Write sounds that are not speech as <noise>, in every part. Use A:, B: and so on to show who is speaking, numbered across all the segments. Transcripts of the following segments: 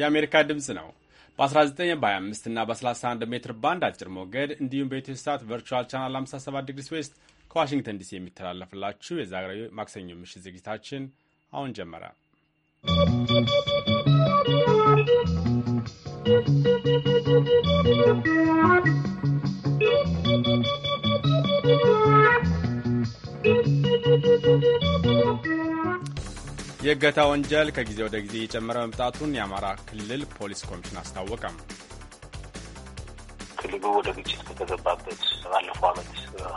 A: የአሜሪካ ድምፅ ነው። በ19 በ25 እና በ31 ሜትር ባንድ አጭር ሞገድ እንዲሁም በኢትዮ ሳት ቨርቹዋል ቻናል 57 ዲግሪ ስዌስት ከዋሽንግተን ዲሲ የሚተላለፍላችሁ የዛሬ ማክሰኞ ምሽት ዝግጅታችን አሁን ጀመረ። ¶¶ የእገታ ወንጀል ከጊዜ ወደ ጊዜ እየጨመረ መምጣቱን የአማራ ክልል ፖሊስ ኮሚሽን አስታወቀም። ክልሉ ወደ ግጭት
B: ከተገባበት ባለፈው ዓመት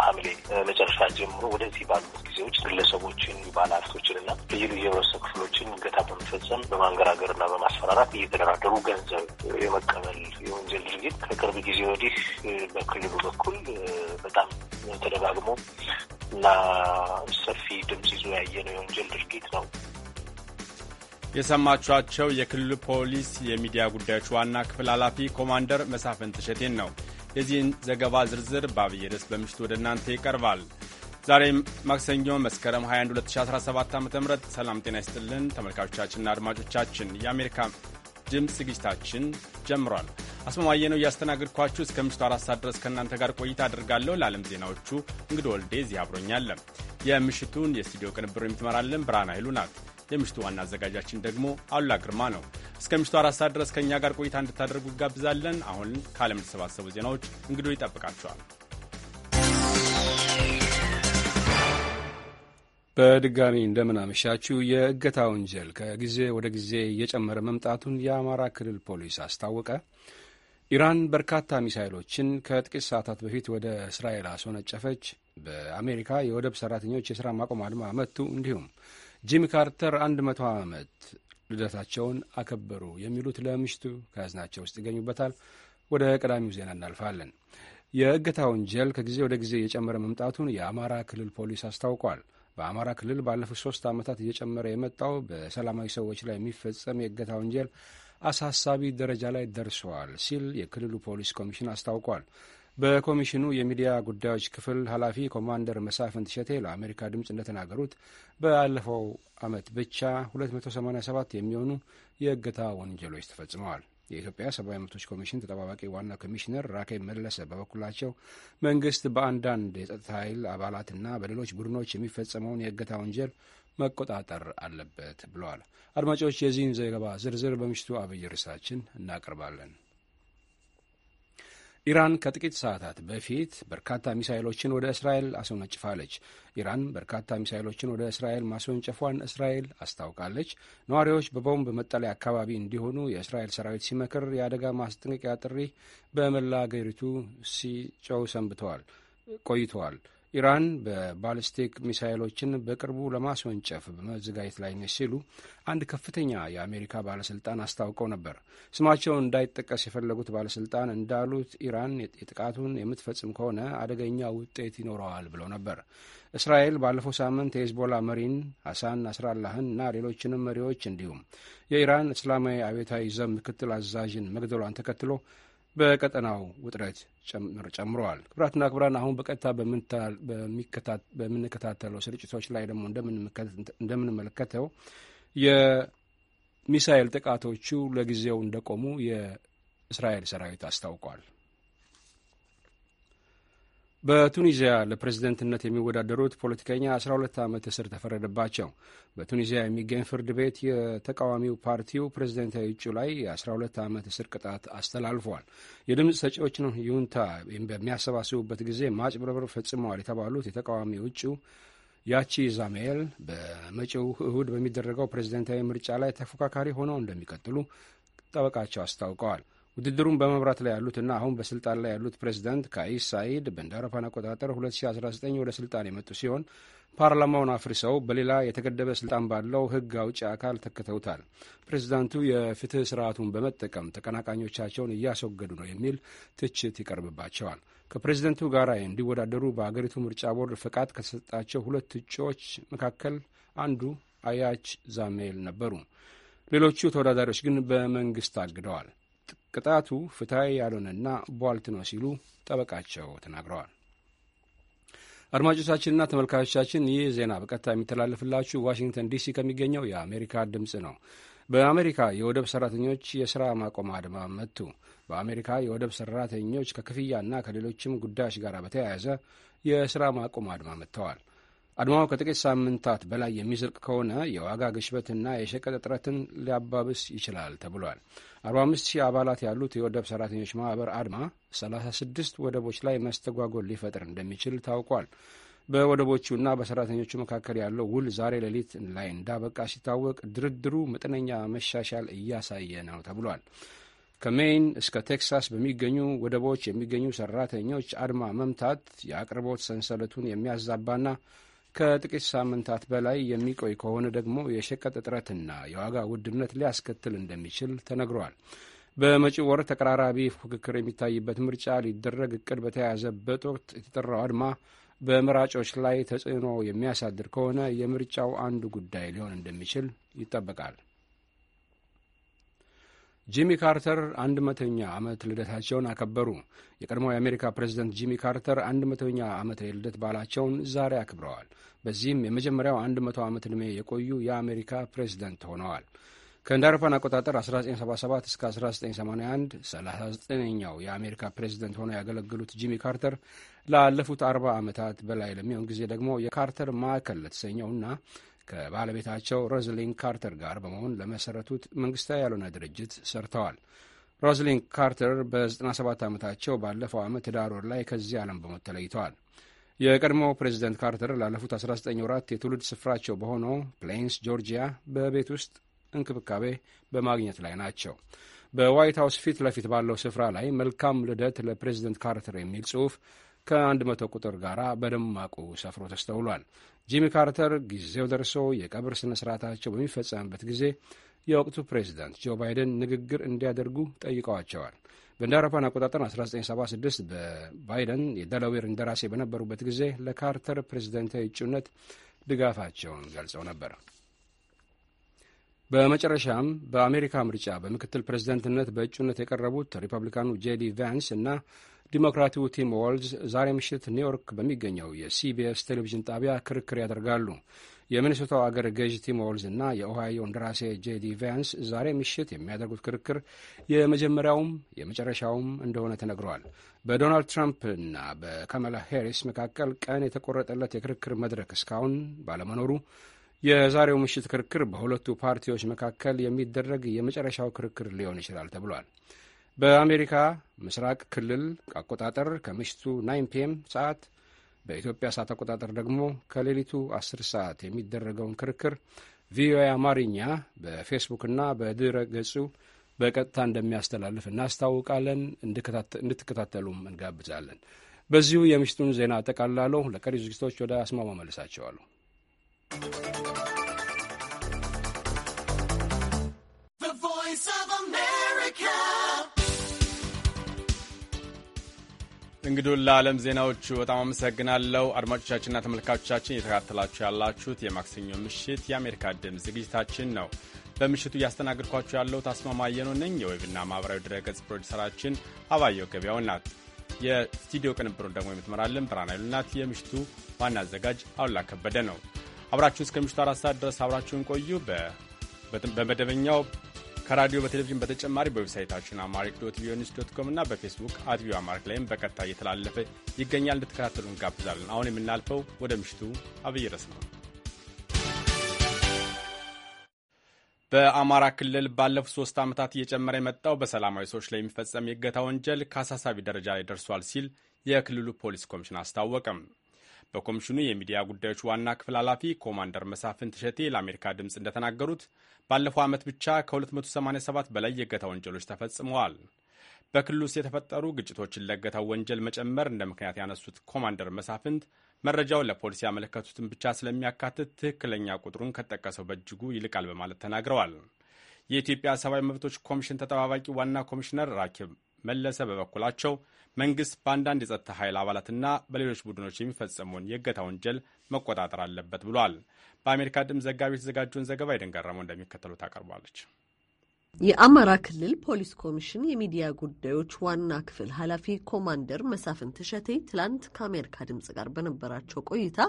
B: ሐምሌ መጨረሻ ጀምሮ ወደዚህ ባሉት ጊዜዎች ግለሰቦችን፣ ባለሀብቶችን እና ልዩ ልዩ የህብረተሰብ ክፍሎችን እገታ በመፈጸም በማንገራገርና በማስፈራራት እየተደራደሩ ገንዘብ የመቀበል የወንጀል ድርጊት ከቅርብ ጊዜ ወዲህ በክልሉ በኩል በጣም ተደጋግሞ እና ሰፊ ድምፅ ይዞ
C: ያየ ነው የወንጀል ድርጊት ነው።
A: የሰማችኋቸው የክልሉ ፖሊስ የሚዲያ ጉዳዮች ዋና ክፍል ኃላፊ ኮማንደር መሳፍን ተሸቴን ነው። የዚህን ዘገባ ዝርዝር በአብይ ርዕስ በምሽቱ ወደ እናንተ ይቀርባል። ዛሬ ማክሰኞ መስከረም 21 2017 ዓ ም ሰላም ጤና ይስጥልን ተመልካቾቻችንና አድማጮቻችን የአሜሪካ ድምፅ ዝግጅታችን ጀምሯል። አስማማየ ነው እያስተናገድኳችሁ እስከ ምሽቱ አራት ሰዓት ድረስ ከእናንተ ጋር ቆይታ አድርጋለሁ። ለዓለም ዜናዎቹ እንግዲህ ወልዴ እዚህ አብሮኛለም። የምሽቱን የስቱዲዮ ቅንብር የምትመራልን ብርሃን ኃይሉ ናት። የምሽቱ ዋና አዘጋጃችን ደግሞ አሉላ ግርማ ነው። እስከ ምሽቱ አራት ሰዓት ድረስ ከእኛ ጋር ቆይታ እንድታደርጉ ይጋብዛለን። አሁን ከዓለም የተሰባሰቡ ዜናዎች እንግዶ ይጠብቃቸዋል።
D: በድጋሚ እንደምናመሻችሁ። የእገታ ወንጀል ከጊዜ ወደ ጊዜ እየጨመረ መምጣቱን የአማራ ክልል ፖሊስ አስታወቀ። ኢራን በርካታ ሚሳይሎችን ከጥቂት ሰዓታት በፊት ወደ እስራኤል አስወነጨፈች። በአሜሪካ የወደብ ሰራተኞች የሥራ ማቆም አድማ መቱ። እንዲሁም ጂሚ ካርተር 100 ዓመት ልደታቸውን አከበሩ የሚሉት ለምሽቱ ከያዝናቸው ውስጥ ይገኙበታል። ወደ ቀዳሚው ዜና እናልፋለን። የእገታ ወንጀል ከጊዜ ወደ ጊዜ እየጨመረ መምጣቱን የአማራ ክልል ፖሊስ አስታውቋል። በአማራ ክልል ባለፉት ሶስት ዓመታት እየጨመረ የመጣው በሰላማዊ ሰዎች ላይ የሚፈጸም የእገታ ወንጀል አሳሳቢ ደረጃ ላይ ደርሰዋል ሲል የክልሉ ፖሊስ ኮሚሽን አስታውቋል። በኮሚሽኑ የሚዲያ ጉዳዮች ክፍል ኃላፊ ኮማንደር መሳፍንት ሸቴ ለአሜሪካ ድምፅ እንደተናገሩት ባለፈው ዓመት ብቻ 287 የሚሆኑ የእገታ ወንጀሎች ተፈጽመዋል። የኢትዮጵያ ሰብአዊ መብቶች ኮሚሽን ተጠባባቂ ዋና ኮሚሽነር ራኬ መለሰ በበኩላቸው መንግስት በአንዳንድ የጸጥታ ኃይል አባላትና በሌሎች ቡድኖች የሚፈጸመውን የእገታ ወንጀል መቆጣጠር አለበት ብለዋል። አድማጮች፣ የዚህን ዘገባ ዝርዝር በምሽቱ አብይ ርዕሳችን እናቀርባለን። ኢራን ከጥቂት ሰዓታት በፊት በርካታ ሚሳይሎችን ወደ እስራኤል አስወነጭፋለች። ኢራን በርካታ ሚሳይሎችን ወደ እስራኤል ማስወንጨፏን እስራኤል አስታውቃለች። ነዋሪዎች በቦምብ መጠለያ አካባቢ እንዲሆኑ የእስራኤል ሰራዊት ሲመክር፣ የአደጋ ማስጠንቀቂያ ጥሪ በመላ አገሪቱ ሲጨው ሰንብተዋል ቆይተዋል። ኢራን በባሊስቲክ ሚሳይሎችን በቅርቡ ለማስወንጨፍ በመዘጋጀት ላይ ነች ሲሉ አንድ ከፍተኛ የአሜሪካ ባለስልጣን አስታውቀው ነበር። ስማቸው እንዳይጠቀስ የፈለጉት ባለስልጣን እንዳሉት ኢራን የጥቃቱን የምትፈጽም ከሆነ አደገኛ ውጤት ይኖረዋል ብለው ነበር። እስራኤል ባለፈው ሳምንት የሂዝቦላ መሪን ሐሳን ናስራላህን እና ሌሎችንም መሪዎች እንዲሁም የኢራን እስላማዊ አብዮታዊ ዘብ ምክትል አዛዥን መግደሏን ተከትሎ በቀጠናው ውጥረት ጨምረዋል። ክብራትና ክብራን አሁን በቀጥታ በምንከታተለው ስርጭቶች ላይ ደግሞ እንደምንመለከተው የሚሳኤል ጥቃቶቹ ለጊዜው እንደቆሙ የእስራኤል ሰራዊት አስታውቋል። በቱኒዚያ ለፕሬዝደንትነት የሚወዳደሩት ፖለቲከኛ 12 ዓመት እስር ተፈረደባቸው። በቱኒዚያ የሚገኝ ፍርድ ቤት የተቃዋሚው ፓርቲው ፕሬዝደንታዊ እጩ ላይ የ12 ዓመት እስር ቅጣት አስተላልፏል። የድምፅ ሰጪዎችን ይሁንታ በሚያሰባስቡበት ጊዜ ማጭበርበር ፈጽመዋል የተባሉት የተቃዋሚው እጩ ያቺ ዛሜል በመጪው እሁድ በሚደረገው ፕሬዝደንታዊ ምርጫ ላይ ተፎካካሪ ሆነው እንደሚቀጥሉ ጠበቃቸው አስታውቀዋል። ውድድሩን በመብራት ላይ ያሉትና አሁን በስልጣን ላይ ያሉት ፕሬዚዳንት ካይስ ሳይድ በእንደ አውሮፓውያን አቆጣጠር 2019 ወደ ስልጣን የመጡ ሲሆን ፓርላማውን አፍርሰው በሌላ የተገደበ ስልጣን ባለው ሕግ አውጪ አካል ተክተውታል። ፕሬዚዳንቱ የፍትህ ስርዓቱን በመጠቀም ተቀናቃኞቻቸውን እያስወገዱ ነው የሚል ትችት ይቀርብባቸዋል። ከፕሬዚደንቱ ጋር እንዲወዳደሩ በአገሪቱ ምርጫ ቦርድ ፈቃድ ከተሰጣቸው ሁለት እጩዎች መካከል አንዱ አያች ዛሜል ነበሩ። ሌሎቹ ተወዳዳሪዎች ግን በመንግስት አግደዋል። ቅጣቱ ፍትሐዊ ያልሆነና ቧልት ነው ሲሉ ጠበቃቸው ተናግረዋል። አድማጮቻችንና ተመልካቾቻችን ይህ ዜና በቀጥታ የሚተላለፍላችሁ ዋሽንግተን ዲሲ ከሚገኘው የአሜሪካ ድምፅ ነው። በአሜሪካ የወደብ ሰራተኞች የሥራ ማቆም አድማ መቱ። በአሜሪካ የወደብ ሰራተኞች ከክፍያና ከሌሎችም ጉዳዮች ጋር በተያያዘ የሥራ ማቆም አድማ መጥተዋል። አድማው ከጥቂት ሳምንታት በላይ የሚዘልቅ ከሆነ የዋጋ ግሽበትና የሸቀጥ እጥረትን ሊያባብስ ይችላል ተብሏል። 45 ሺህ አባላት ያሉት የወደብ ሰራተኞች ማህበር አድማ 36 ወደቦች ላይ መስተጓጎል ሊፈጥር እንደሚችል ታውቋል። በወደቦቹና በሰራተኞቹ መካከል ያለው ውል ዛሬ ሌሊት ላይ እንዳበቃ ሲታወቅ ድርድሩ መጠነኛ መሻሻል እያሳየ ነው ተብሏል። ከሜይን እስከ ቴክሳስ በሚገኙ ወደቦች የሚገኙ ሰራተኞች አድማ መምታት የአቅርቦት ሰንሰለቱን የሚያዛባና ከጥቂት ሳምንታት በላይ የሚቆይ ከሆነ ደግሞ የሸቀጥ እጥረትና የዋጋ ውድነት ሊያስከትል እንደሚችል ተነግሯል። በመጪው ወር ተቀራራቢ ፉክክር የሚታይበት ምርጫ ሊደረግ እቅድ በተያያዘበት ወቅት የተጠራው አድማ በመራጮች ላይ ተጽዕኖ የሚያሳድር ከሆነ የምርጫው አንዱ ጉዳይ ሊሆን እንደሚችል ይጠበቃል። ጂሚ ካርተር አንድ መቶኛ ዓመት ልደታቸውን አከበሩ። የቀድሞው የአሜሪካ ፕሬዚደንት ጂሚ ካርተር አንድ መቶኛ ዓመት የልደት በዓላቸውን ዛሬ አክብረዋል። በዚህም የመጀመሪያው አንድ መቶ ዓመት ዕድሜ የቆዩ የአሜሪካ ፕሬዚደንት ሆነዋል። ከእንደ አውሮፓን አቆጣጠር 1977 እስከ 1981 39ኛው የአሜሪካ ፕሬዚደንት ሆነው ያገለገሉት ጂሚ ካርተር ላለፉት 40 ዓመታት በላይ ለሚሆን ጊዜ ደግሞ የካርተር ማዕከል ለተሰኘውና ከባለቤታቸው ሮዝሊን ካርተር ጋር በመሆን ለመሰረቱት መንግስታዊ ያልሆነ ድርጅት ሰርተዋል። ሮዝሊን ካርተር በ97 ዓመታቸው ባለፈው ዓመት ህዳር ወር ላይ ከዚህ ዓለም በሞት ተለይተዋል። የቀድሞ ፕሬዚደንት ካርተር ላለፉት 19 ወራት የትውልድ ስፍራቸው በሆነው ፕሌንስ ጆርጂያ በቤት ውስጥ እንክብካቤ በማግኘት ላይ ናቸው። በዋይት ሀውስ ፊት ለፊት ባለው ስፍራ ላይ መልካም ልደት ለፕሬዚደንት ካርተር የሚል ጽሑፍ ከ100 ቁጥር ጋር በደማቁ ሰፍሮ ተስተውሏል። ጂሚ ካርተር ጊዜው ደርሶ የቀብር ሥነ ሥርዓታቸው በሚፈጸምበት ጊዜ የወቅቱ ፕሬዚዳንት ጆ ባይደን ንግግር እንዲያደርጉ ጠይቀዋቸዋል። በእንደ አውሮፓን አቆጣጠር 1976 በባይደን የደላዌር እንደራሴ በነበሩበት ጊዜ ለካርተር ፕሬዚደንታዊ እጩነት ድጋፋቸውን ገልጸው ነበር። በመጨረሻም በአሜሪካ ምርጫ በምክትል ፕሬዚደንትነት በእጩነት የቀረቡት ሪፐብሊካኑ ጄዲ ቫንስ እና ዲሞክራቱ ቲም ዋልዝ ዛሬ ምሽት ኒውዮርክ በሚገኘው የሲቢኤስ ቴሌቪዥን ጣቢያ ክርክር ያደርጋሉ። የሚኒሶታው አገር ገዥ ቲም ዋልዝ እና የኦሃዮ እንደራሴ ጄዲ ቫንስ ዛሬ ምሽት የሚያደርጉት ክርክር የመጀመሪያውም የመጨረሻውም እንደሆነ ተነግረዋል። በዶናልድ ትራምፕ እና በካማላ ሄሪስ መካከል ቀን የተቆረጠለት የክርክር መድረክ እስካሁን ባለመኖሩ የዛሬው ምሽት ክርክር በሁለቱ ፓርቲዎች መካከል የሚደረግ የመጨረሻው ክርክር ሊሆን ይችላል ተብሏል። በአሜሪካ ምስራቅ ክልል አቆጣጠር ከምሽቱ 9 ፒኤም ሰዓት በኢትዮጵያ ሰዓት አቆጣጠር ደግሞ ከሌሊቱ 10 ሰዓት የሚደረገውን ክርክር ቪኦኤ አማርኛ በፌስቡክና በድረ ገጹ በቀጥታ እንደሚያስተላልፍ እናስታውቃለን። እንድትከታተሉም እንጋብዛለን። በዚሁ የምሽቱን ዜና አጠቃላለሁ። ለቀሪ ዝግጅቶች ወደ አስማማ መልሳቸዋለሁ።
A: እንግዲህ ለዓለም ዜናዎቹ በጣም አመሰግናለሁ። አድማጮቻችንና ተመልካቾቻችን እየተከታተላችሁ ያላችሁት የማክሰኞ ምሽት የአሜሪካ ድምፅ ዝግጅታችን ነው። በምሽቱ እያስተናግድኳችሁ ያለው ታስማማየኖ ነኝ። የዌብና ማህበራዊ ድረገጽ ፕሮዲሰራችን አባየው ገበያው ናት። የስቱዲዮ ቅንብሩን ደግሞ የምትመራልን ብርሃን ኃይሉ ናት። የምሽቱ ዋና አዘጋጅ አሉላ ከበደ ነው። አብራችሁ እስከ ምሽቱ አራት ሰዓት ድረስ አብራችሁን ቆዩ። በመደበኛው ከራዲዮ በቴሌቪዥን በተጨማሪ በዌብሳይታችን አማሪክ ዶት ቪኦኤ ኒውስ ዶት ኮም እና በፌስቡክ አት ቪኦኤ አማሪክ ላይም በቀጥታ እየተላለፈ ይገኛል። እንድትከታተሉ እንጋብዛለን። አሁን የምናልፈው ወደ ምሽቱ አብይ ርዕስ ነው። በአማራ ክልል ባለፉት ሶስት ዓመታት እየጨመረ የመጣው በሰላማዊ ሰዎች ላይ የሚፈጸም የእገታ ወንጀል ከአሳሳቢ ደረጃ ላይ ደርሷል ሲል የክልሉ ፖሊስ ኮሚሽን አስታወቀም። በኮሚሽኑ የሚዲያ ጉዳዮች ዋና ክፍል ኃላፊ ኮማንደር መሳፍንት እሸቴ ለአሜሪካ ድምፅ እንደተናገሩት ባለፈው ዓመት ብቻ ከ287 በላይ የእገታ ወንጀሎች ተፈጽመዋል። በክልሉ ውስጥ የተፈጠሩ ግጭቶችን ለእገታው ወንጀል መጨመር እንደ ምክንያት ያነሱት ኮማንደር መሳፍንት መረጃውን ለፖሊስ ያመለከቱትን ብቻ ስለሚያካትት ትክክለኛ ቁጥሩን ከጠቀሰው በእጅጉ ይልቃል በማለት ተናግረዋል። የኢትዮጵያ ሰብአዊ መብቶች ኮሚሽን ተጠባባቂ ዋና ኮሚሽነር ራኪብ መለሰ በበኩላቸው መንግስት በአንዳንድ የጸጥታ ኃይል አባላትና በሌሎች ቡድኖች የሚፈጸመውን የእገታ ወንጀል መቆጣጠር አለበት ብሏል። በአሜሪካ ድምፅ ዘጋቢ የተዘጋጀውን ዘገባ የደንገረመው እንደሚከተሉ ታቀርባለች።
E: የአማራ ክልል ፖሊስ ኮሚሽን የሚዲያ ጉዳዮች ዋና ክፍል ኃላፊ ኮማንደር መሳፍንት እሸቴ ትላንት ከአሜሪካ ድምፅ ጋር በነበራቸው ቆይታ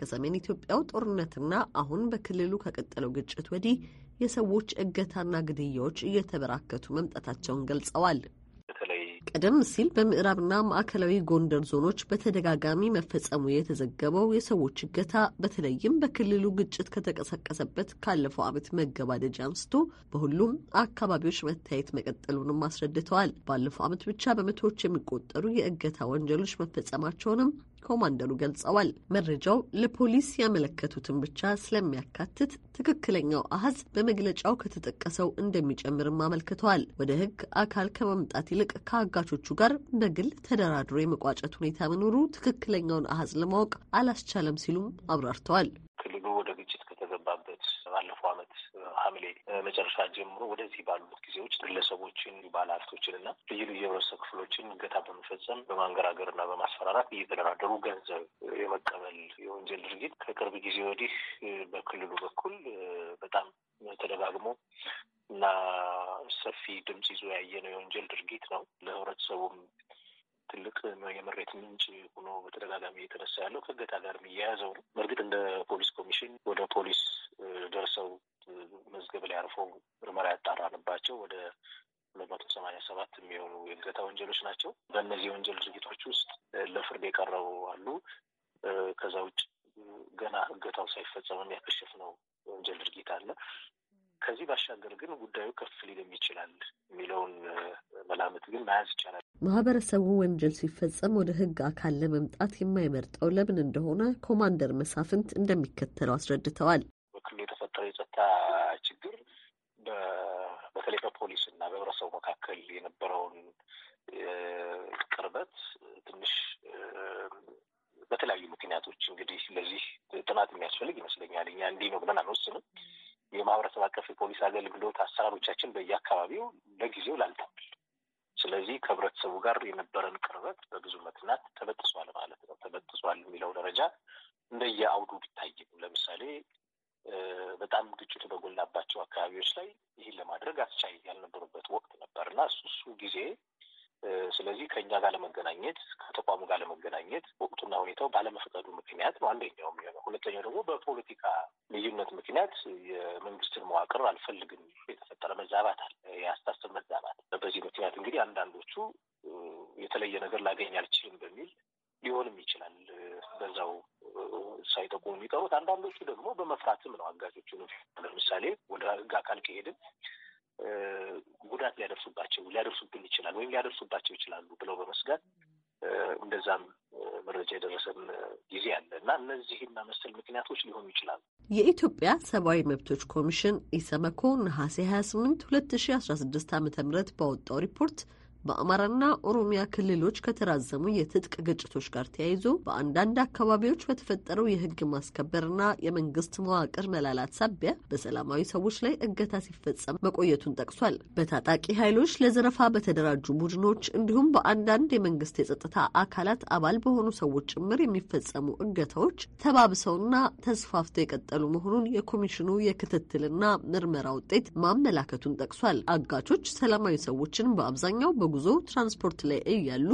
E: ከሰሜን ኢትዮጵያው ጦርነትና አሁን በክልሉ ከቀጠለው ግጭት ወዲህ የሰዎች እገታና ግድያዎች እየተበራከቱ መምጣታቸውን ገልጸዋል። ቀደም ሲል በምዕራብና ማዕከላዊ ጎንደር ዞኖች በተደጋጋሚ መፈጸሙ የተዘገበው የሰዎች እገታ በተለይም በክልሉ ግጭት ከተቀሰቀሰበት ካለፈው ዓመት መገባደጃ አንስቶ በሁሉም አካባቢዎች መታየት መቀጠሉንም አስረድተዋል። ባለፈው ዓመት ብቻ በመቶዎች የሚቆጠሩ የእገታ ወንጀሎች መፈጸማቸውንም ኮማንደሩ ገልጸዋል። መረጃው ለፖሊስ ያመለከቱትን ብቻ ስለሚያካትት ትክክለኛው አሀዝ በመግለጫው ከተጠቀሰው እንደሚጨምርም አመልክተዋል። ወደ ሕግ አካል ከመምጣት ይልቅ ከአጋቾቹ ጋር በግል ተደራድሮ የመቋጨት ሁኔታ መኖሩ ትክክለኛውን አሀዝ ለማወቅ አላስቻለም ሲሉም አብራርተዋል።
B: መጨረሻ ጀምሮ ወደዚህ ባሉት ጊዜዎች ግለሰቦችን፣ ባለሀብቶችን እና ልዩ ልዩ የህብረተሰብ ክፍሎችን እገታ በመፈጸም በማንገራገር እና በማስፈራራት እየተደራደሩ ገንዘብ የመቀበል የወንጀል ድርጊት ከቅርብ ጊዜ ወዲህ በክልሉ በኩል በጣም ተደጋግሞ እና ሰፊ ድምፅ ይዞ ያየነው የወንጀል ድርጊት ነው። ለህብረተሰቡም ትልቅ የመሬት ምንጭ ሆኖ በተደጋጋሚ እየተነሳ ያለው ከእገታ ጋር የሚያያዘው ነው። በእርግጥ እንደ ፖሊስ ኮሚሽን ወደ ፖሊስ ደርሰው መዝገብ ላይ አርፎ ምርመራ ያጣራንባቸው ወደ ሁለት መቶ ሰማኒያ ሰባት የሚሆኑ የእገታ ወንጀሎች ናቸው። በእነዚህ የወንጀል ድርጊቶች ውስጥ ለፍርድ የቀረቡ አሉ። ከዛ ውጭ ገና እገታው ሳይፈጸም የሚያከሽፍ ነው የወንጀል ድርጊት አለ። ከዚህ ባሻገር ግን ጉዳዩ ከፍ ሊልም ይችላል
C: የሚለውን መላምት ግን መያዝ ይቻላል።
E: ማህበረሰቡ ወንጀል ሲፈጸም ወደ ህግ አካል ለመምጣት የማይመርጠው ለምን እንደሆነ ኮማንደር መሳፍንት እንደሚከተለው አስረድተዋል።
B: ጊዜ አለ እና እነዚህና መሰል ምክንያቶች ሊሆኑ ይችላሉ።
E: የኢትዮጵያ ሰብአዊ መብቶች ኮሚሽን ኢሰመኮ ነሐሴ 28 2016 ዓ ም ባወጣው ሪፖርት በአማራና ኦሮሚያ ክልሎች ከተራዘሙ የትጥቅ ግጭቶች ጋር ተያይዞ በአንዳንድ አካባቢዎች በተፈጠረው የህግ ማስከበርና የመንግስት መዋቅር መላላት ሳቢያ በሰላማዊ ሰዎች ላይ እገታ ሲፈጸም መቆየቱን ጠቅሷል። በታጣቂ ኃይሎች ለዘረፋ በተደራጁ ቡድኖች እንዲሁም በአንዳንድ የመንግስት የጸጥታ አካላት አባል በሆኑ ሰዎች ጭምር የሚፈጸሙ እገታዎች ተባብሰውና ተስፋፍተው የቀጠሉ መሆኑን የኮሚሽኑ የክትትልና ምርመራ ውጤት ማመላከቱን ጠቅሷል። አጋቾች ሰላማዊ ሰዎችን በአብዛኛው በጉ ጉዞ ትራንስፖርት ላይ እያሉ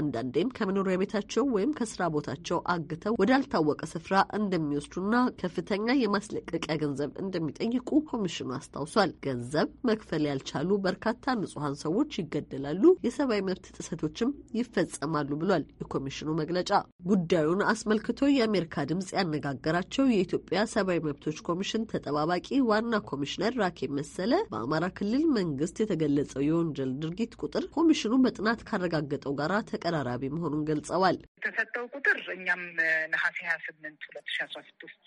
E: አንዳንዴም ከመኖሪያ ቤታቸው ወይም ከስራ ቦታቸው አግተው ወዳልታወቀ ስፍራ እንደሚወስዱና ከፍተኛ የማስለቀቂያ ገንዘብ እንደሚጠይቁ ኮሚሽኑ አስታውሷል። ገንዘብ መክፈል ያልቻሉ በርካታ ንጹሐን ሰዎች ይገደላሉ፣ የሰብአዊ መብት ጥሰቶችም ይፈጸማሉ ብሏል የኮሚሽኑ መግለጫ። ጉዳዩን አስመልክቶ የአሜሪካ ድምጽ ያነጋገራቸው የኢትዮጵያ ሰብአዊ መብቶች ኮሚሽን ተጠባባቂ ዋና ኮሚሽነር ራኬ መሰለ በአማራ ክልል መንግስት የተገለጸው የወንጀል ድርጊት ቁጥር ኮሚሽኑ በጥናት ካረጋገጠው ጋራ ተቀራራቢ መሆኑን ገልጸዋል።
F: የተሰጠው ቁጥር እኛም ነሐሴ ሀያ ስምንት ሁለት ሺ አስራ ስድስት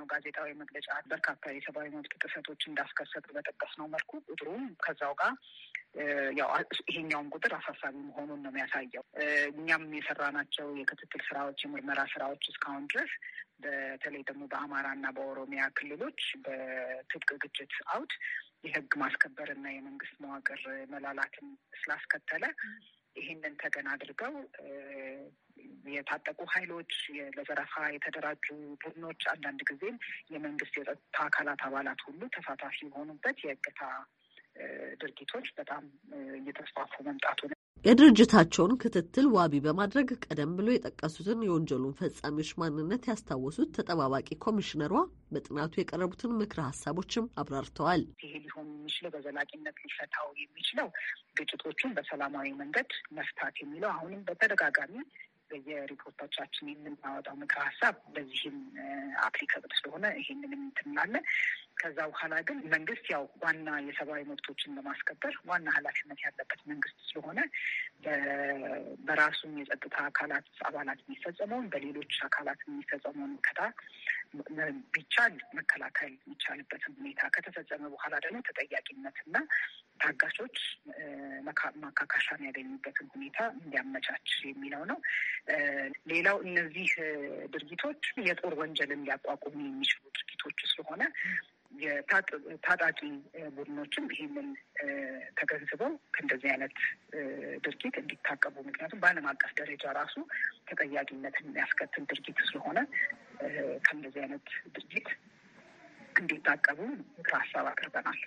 F: ነው ጋዜጣዊ መግለጫ በርካታ የሰብአዊ መብት ጥሰቶች እንዳስከሰቱ ነው መልኩ ቁጥሩም ከዛው ጋር ያው ይሄኛውን ቁጥር አሳሳቢ መሆኑን ነው የሚያሳየው። እኛም የሰራናቸው የክትትል ስራዎች፣ የምርመራ ስራዎች እስካሁን ድረስ በተለይ ደግሞ በአማራና በኦሮሚያ ክልሎች በትጥቅ ግጭት አውድ የህግ ማስከበርና የመንግስት መዋቅር መላላትን ስላስከተለ ይህንን ተገን አድርገው የታጠቁ ኃይሎች ለዘረፋ የተደራጁ ቡድኖች አንዳንድ ጊዜም የመንግስት የጸጥታ አካላት አባላት ሁሉ ተሳታፊ የሆኑበት የእገታ ድርጊቶች በጣም እየተስፋፉ መምጣቱን
E: የድርጅታቸውን ክትትል ዋቢ በማድረግ ቀደም ብሎ የጠቀሱትን የወንጀሉን ፈጻሚዎች ማንነት ያስታወሱት ተጠባባቂ ኮሚሽነሯ በጥናቱ የቀረቡትን ምክረ ሀሳቦችም አብራርተዋል።
F: ይሄ ሊሆን የሚችለው በዘላቂነት ሊፈታው የሚችለው ግጭቶቹን በሰላማዊ መንገድ መፍታት የሚለው አሁንም በተደጋጋሚ በየሪፖርቶቻችን የምናወጣው ምክረ ሀሳብ በዚህም አፕሊከብል ስለሆነ ይሄንንም እንትን ከዛ በኋላ ግን መንግስት ያው ዋና የሰብአዊ መብቶችን ለማስከበር ዋና ኃላፊነት ያለበት መንግስት ስለሆነ በራሱም የጸጥታ አካላት አባላት የሚፈጸመውን በሌሎች አካላት የሚፈጸመውን ከታ ቢቻል መከላከል የሚቻልበትን ሁኔታ ከተፈጸመ በኋላ ደግሞ ተጠያቂነትና ታጋሾች ማካካሻን ያገኙበትን ሁኔታ እንዲያመቻች የሚለው ነው። ሌላው እነዚህ ድርጊቶች የጦር ወንጀልን ሊያቋቁሙ የሚችሉ ድርጊቶች ስለሆነ የታጣቂ ቡድኖችም ይህንን ተገንዝበው ከእንደዚህ አይነት ድርጊት እንዲታቀቡ፣ ምክንያቱም በዓለም አቀፍ ደረጃ ራሱ ተጠያቂነትን የሚያስከትል ድርጊት ስለሆነ ከእንደዚህ አይነት ድርጊት እንዲታቀቡ ምክር ሀሳብ አቅርበናል።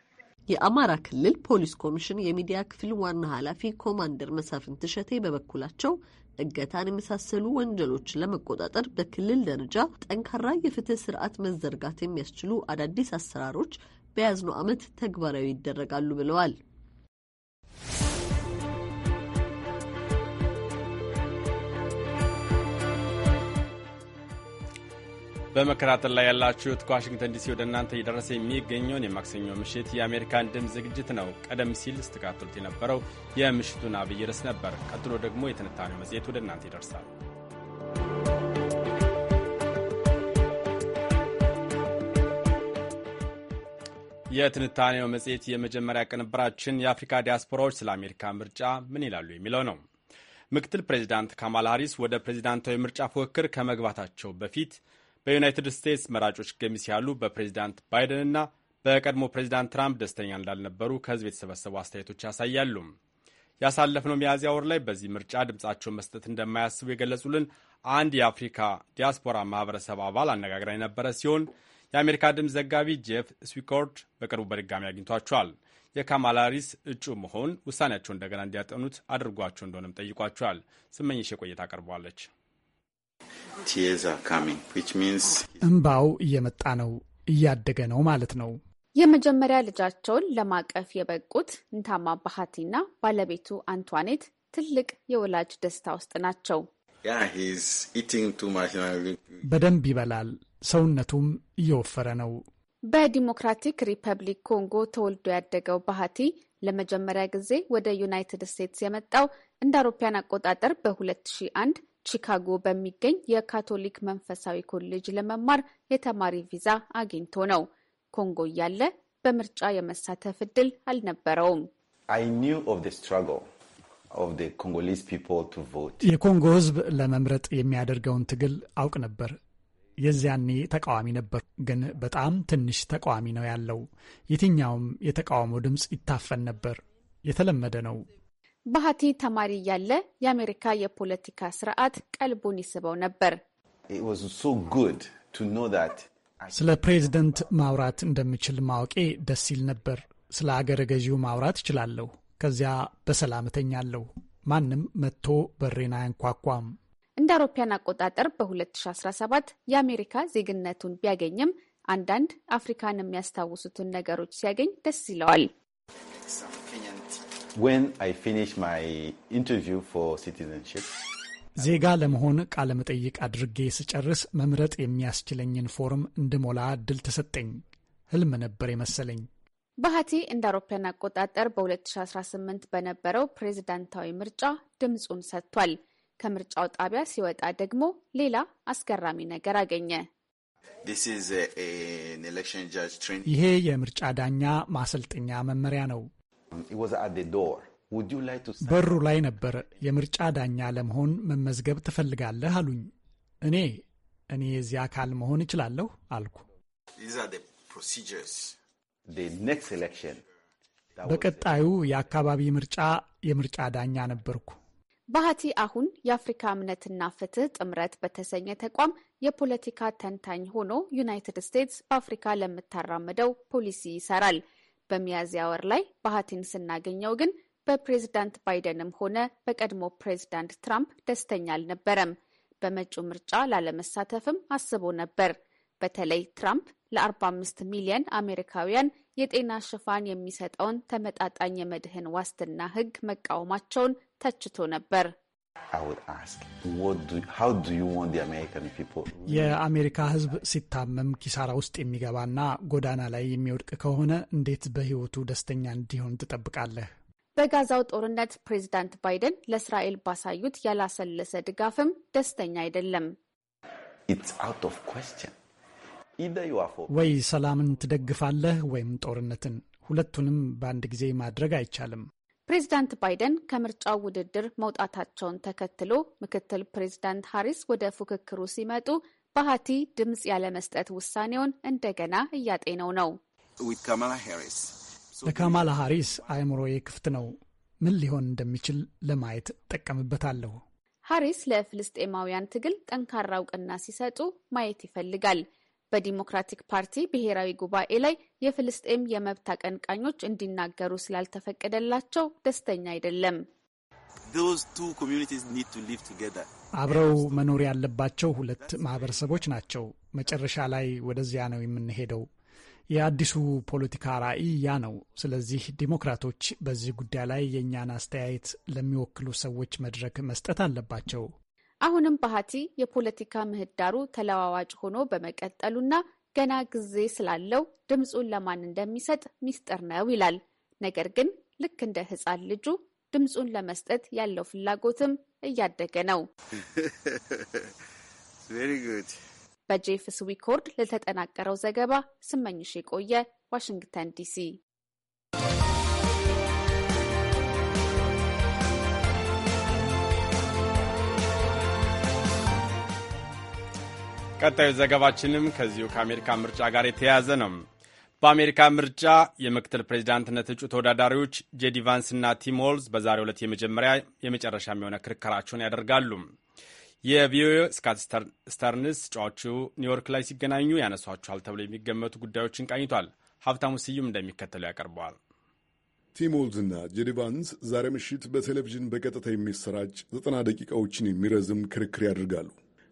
E: የአማራ ክልል ፖሊስ ኮሚሽን የሚዲያ ክፍል ዋና ኃላፊ ኮማንደር መሳፍንት እሸቴ በበኩላቸው እገታን የመሳሰሉ ወንጀሎችን ለመቆጣጠር በክልል ደረጃ ጠንካራ የፍትህ ስርዓት መዘርጋት የሚያስችሉ አዳዲስ አሰራሮች በያዝነው ዓመት ተግባራዊ ይደረጋሉ ብለዋል።
A: በመከታተል ላይ ያላችሁት ከዋሽንግተን ዲሲ ወደ እናንተ እየደረሰ የሚገኘውን የማክሰኞ ምሽት የአሜሪካን ድምፅ ዝግጅት ነው። ቀደም ሲል ስትከታተሉት የነበረው የምሽቱን አብይ ርዕስ ነበር። ቀጥሎ ደግሞ የትንታኔው መጽሔት ወደ እናንተ ይደርሳል። የትንታኔው መጽሔት የመጀመሪያ ቅንብራችን የአፍሪካ ዲያስፖራዎች ስለ አሜሪካ ምርጫ ምን ይላሉ የሚለው ነው። ምክትል ፕሬዚዳንት ካማላ ሃሪስ ወደ ፕሬዚዳንታዊ ምርጫ ፉክክር ከመግባታቸው በፊት በዩናይትድ ስቴትስ መራጮች ገሚስ ያሉ በፕሬዚዳንት ባይደንና በቀድሞ ፕሬዚዳንት ትራምፕ ደስተኛ እንዳልነበሩ ከህዝብ የተሰበሰቡ አስተያየቶች ያሳያሉ። ያሳለፍነው ሚያዝያ ወር ላይ በዚህ ምርጫ ድምፃቸውን መስጠት እንደማያስቡ የገለጹልን አንድ የአፍሪካ ዲያስፖራ ማህበረሰብ አባል አነጋግራ የነበረ ሲሆን የአሜሪካ ድምፅ ዘጋቢ ጄፍ ስዊኮርድ በቅርቡ በድጋሚ አግኝቷቸዋል። የካማላ ሃሪስ እጩ መሆን ውሳኔያቸው እንደገና እንዲያጠኑት አድርጓቸው እንደሆነም ጠይቋቸዋል። ስመኝሽ የቆየት አቀርበዋለች።
G: እምባው እየመጣ ነው፣ እያደገ ነው ማለት ነው።
H: የመጀመሪያ ልጃቸውን ለማቀፍ የበቁት እንታማ ባህቲና ባለቤቱ አንቷኔት ትልቅ የወላጅ ደስታ ውስጥ ናቸው።
G: በደንብ ይበላል፣ ሰውነቱም እየወፈረ ነው።
H: በዲሞክራቲክ ሪፐብሊክ ኮንጎ ተወልዶ ያደገው ባህቲ ለመጀመሪያ ጊዜ ወደ ዩናይትድ ስቴትስ የመጣው እንደ አውሮፓያን አቆጣጠር በ2001 ቺካጎ በሚገኝ የካቶሊክ መንፈሳዊ ኮሌጅ ለመማር የተማሪ ቪዛ አግኝቶ ነው። ኮንጎ እያለ በምርጫ የመሳተፍ እድል አልነበረውም።
G: የኮንጎ ሕዝብ ለመምረጥ የሚያደርገውን ትግል አውቅ ነበር። የዚያኔ ተቃዋሚ ነበር፣ ግን በጣም ትንሽ ተቃዋሚ ነው ያለው። የትኛውም የተቃውሞ ድምፅ ይታፈን ነበር። የተለመደ
A: ነው።
H: ባህቲ ተማሪ እያለ የአሜሪካ የፖለቲካ ስርዓት ቀልቡን ይስበው ነበር።
G: ስለ ፕሬዝደንት ማውራት እንደምችል ማወቄ ደስ ይል ነበር። ስለ አገረ ገዢው ማውራት እችላለሁ። ከዚያ በሰላም እተኛለሁ። ማንም መጥቶ በሬን አያንኳኳም።
H: እንደ አውሮፓያን አቆጣጠር በ2017 የአሜሪካ ዜግነቱን ቢያገኝም አንዳንድ አፍሪካን የሚያስታውሱትን ነገሮች ሲያገኝ ደስ ይለዋል።
G: ዜጋ ለመሆን ቃለ መጠይቅ አድርጌ ስጨርስ መምረጥ የሚያስችለኝን ፎርም እንድሞላ እድል ተሰጠኝ። ህልም ነበር የመሰለኝ።
H: ባህቲ እንደ አውሮፓውያን አቆጣጠር በ2018 በነበረው ፕሬዝዳንታዊ ምርጫ ድምፁን ሰጥቷል። ከምርጫው ጣቢያ ሲወጣ ደግሞ ሌላ አስገራሚ ነገር አገኘ።
A: uh, ይሄ
G: የምርጫ ዳኛ ማሰልጠኛ
H: መመሪያ ነው።
I: በሩ
G: ላይ ነበር። የምርጫ ዳኛ ለመሆን መመዝገብ ትፈልጋለህ አሉኝ። እኔ እኔ የዚህ አካል መሆን እችላለሁ አልኩ። በቀጣዩ የአካባቢ ምርጫ የምርጫ ዳኛ ነበርኩ።
H: ባህቲ አሁን የአፍሪካ እምነትና ፍትህ ጥምረት በተሰኘ ተቋም የፖለቲካ ተንታኝ ሆኖ ዩናይትድ ስቴትስ በአፍሪካ ለምታራምደው ፖሊሲ ይሰራል። በሚያዝያ ወር ላይ ባህቲን ስናገኘው ግን በፕሬዝዳንት ባይደንም ሆነ በቀድሞ ፕሬዝዳንት ትራምፕ ደስተኛ አልነበረም። በመጪው ምርጫ ላለመሳተፍም አስቦ ነበር። በተለይ ትራምፕ ለ45 ሚሊዮን አሜሪካውያን የጤና ሽፋን የሚሰጠውን ተመጣጣኝ የመድህን ዋስትና ሕግ መቃወማቸውን ተችቶ ነበር።
G: የአሜሪካ ሕዝብ ሲታመም ኪሳራ ውስጥ የሚገባና ጎዳና ላይ የሚወድቅ ከሆነ እንዴት በሕይወቱ ደስተኛ እንዲሆን ትጠብቃለህ?
H: በጋዛው ጦርነት ፕሬዚዳንት ባይደን ለእስራኤል ባሳዩት ያላሰለሰ ድጋፍም ደስተኛ አይደለም።
A: ወይ
G: ሰላምን ትደግፋለህ ወይም ጦርነትን። ሁለቱንም በአንድ ጊዜ ማድረግ አይቻልም።
H: ፕሬዚዳንት ባይደን ከምርጫው ውድድር መውጣታቸውን ተከትሎ ምክትል ፕሬዚዳንት ሀሪስ ወደ ፉክክሩ ሲመጡ በሀቲ ድምፅ ያለመስጠት ውሳኔውን እንደገና እያጤነው ነው።
G: ለካማላ ሃሪስ አእምሮዬ ክፍት ነው። ምን ሊሆን እንደሚችል ለማየት እጠቀምበታለሁ።
H: ሀሪስ ለፍልስጤማውያን ትግል ጠንካራ እውቅና ሲሰጡ ማየት ይፈልጋል። በዲሞክራቲክ ፓርቲ ብሔራዊ ጉባኤ ላይ የፍልስጤም የመብት አቀንቃኞች እንዲናገሩ ስላልተፈቀደላቸው ደስተኛ አይደለም።
G: አብረው መኖር ያለባቸው ሁለት ማህበረሰቦች ናቸው። መጨረሻ ላይ ወደዚያ ነው የምንሄደው። የአዲሱ ፖለቲካ ራዕይ ያ ነው። ስለዚህ ዲሞክራቶች በዚህ ጉዳይ ላይ የእኛን አስተያየት ለሚወክሉ ሰዎች መድረክ መስጠት አለባቸው።
H: አሁንም ባህቲ የፖለቲካ ምህዳሩ ተለዋዋጭ ሆኖ በመቀጠሉና ገና ጊዜ ስላለው ድምፁን ለማን እንደሚሰጥ ሚስጥር ነው ይላል። ነገር ግን ልክ እንደ ህፃን ልጁ ድምፁን ለመስጠት ያለው ፍላጎትም እያደገ ነው።
J: <laughs>
H: በጄፍስ ዊኮርድ ለተጠናቀረው ዘገባ ስመኝሽ የቆየ ዋሽንግተን ዲሲ።
A: ቀጣዩ ዘገባችንም ከዚሁ ከአሜሪካ ምርጫ ጋር የተያያዘ ነው። በአሜሪካ ምርጫ የምክትል ፕሬዚዳንትነት እጩ ተወዳዳሪዎች ጄዲ እና ቲም ሆልዝ በዛሬ ዕለት የመጀመሪያ የመጨረሻ የሚሆነ ክርክራቸውን ያደርጋሉ። የቪኦኤ ስካት ስተርንስ እጩዎቹ ኒውዮርክ ላይ ሲገናኙ ያነሷቸዋል ተብሎ የሚገመቱ ጉዳዮችን ቃኝቷል። ሀብታሙ ስዩም እንደሚከተለው ያቀርበዋል።
K: ቲም እና ጄዲ ቫንስ ዛሬ ምሽት በቴሌቪዥን በቀጥታ የሚሰራጭ ዘጠና ደቂቃዎችን የሚረዝም ክርክር ያደርጋሉ።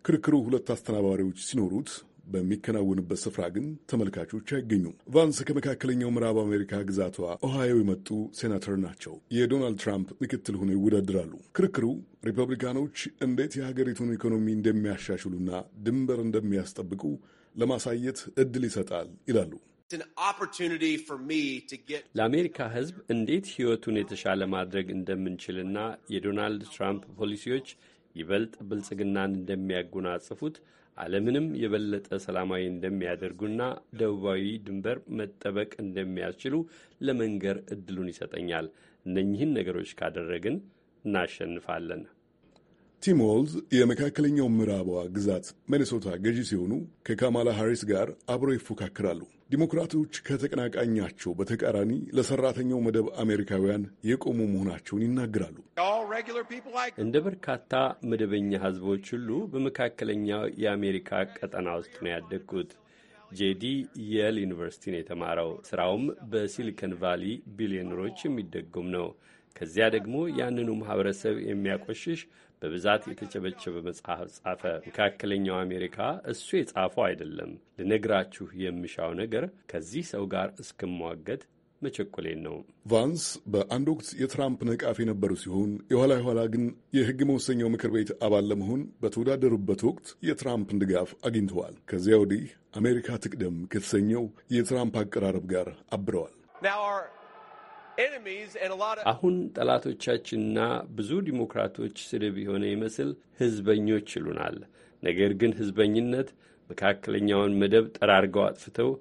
K: ክርክሩ ሁለት አስተናባሪዎች ሲኖሩት በሚከናወንበት ስፍራ ግን ተመልካቾች አይገኙም። ቫንስ ከመካከለኛው ምዕራብ አሜሪካ ግዛቷ ኦሃዮ የመጡ ሴናተር ናቸው። የዶናልድ ትራምፕ ምክትል ሆነው ይወዳደራሉ። ክርክሩ ሪፐብሊካኖች እንዴት የሀገሪቱን ኢኮኖሚ እንደሚያሻሽሉና ድንበር እንደሚያስጠብቁ ለማሳየት እድል ይሰጣል ይላሉ።
J: ለአሜሪካ ሕዝብ እንዴት ሕይወቱን የተሻለ ማድረግ እንደምንችልና የዶናልድ ትራምፕ ፖሊሲዎች ይበልጥ ብልጽግናን እንደሚያጎናጽፉት ዓለምንም የበለጠ ሰላማዊ እንደሚያደርጉና ደቡባዊ ድንበር መጠበቅ እንደሚያስችሉ ለመንገር እድሉን ይሰጠኛል። እነኚህን ነገሮች ካደረግን እናሸንፋለን።
K: ቲም ዎልዝ የመካከለኛው ምዕራባዋ ግዛት ሚኔሶታ ገዢ ሲሆኑ ከካማላ ሃሪስ ጋር አብረው ይፎካክራሉ። ዲሞክራቶች ከተቀናቃኛቸው በተቃራኒ ለሰራተኛው መደብ አሜሪካውያን የቆሙ መሆናቸውን ይናገራሉ።
J: እንደ በርካታ መደበኛ ሕዝቦች ሁሉ በመካከለኛው የአሜሪካ ቀጠና ውስጥ ነው ያደግኩት። ጄዲ የል ዩኒቨርሲቲን የተማረው ስራውም በሲሊከን ቫሊ ቢሊዮነሮች የሚደጉም ነው። ከዚያ ደግሞ ያንኑ ማህበረሰብ የሚያቆሽሽ በብዛት የተቸበቸበ መጽሐፍ ጻፈ። መካከለኛው አሜሪካ እሱ የጻፈው አይደለም። ልነግራችሁ የምሻው ነገር ከዚህ ሰው ጋር እስክሟገት መቸኮሌን ነው።
K: ቫንስ በአንድ ወቅት የትራምፕ ነቃፊ የነበሩ ሲሆን የኋላ የኋላ ግን የሕግ መወሰኛው ምክር ቤት አባል ለመሆን በተወዳደሩበት ወቅት የትራምፕን ድጋፍ አግኝተዋል። ከዚያ ወዲህ አሜሪካ ትቅደም ከተሰኘው የትራምፕ አቀራረብ ጋር አብረዋል።
F: አሁን
J: ጠላቶቻችንና ብዙ ዲሞክራቶች ስድብ የሆነ ይመስል ህዝበኞች ይሉናል። ነገር ግን ህዝበኝነት መካከለኛውን መደብ ጠራርገው አጥፍተው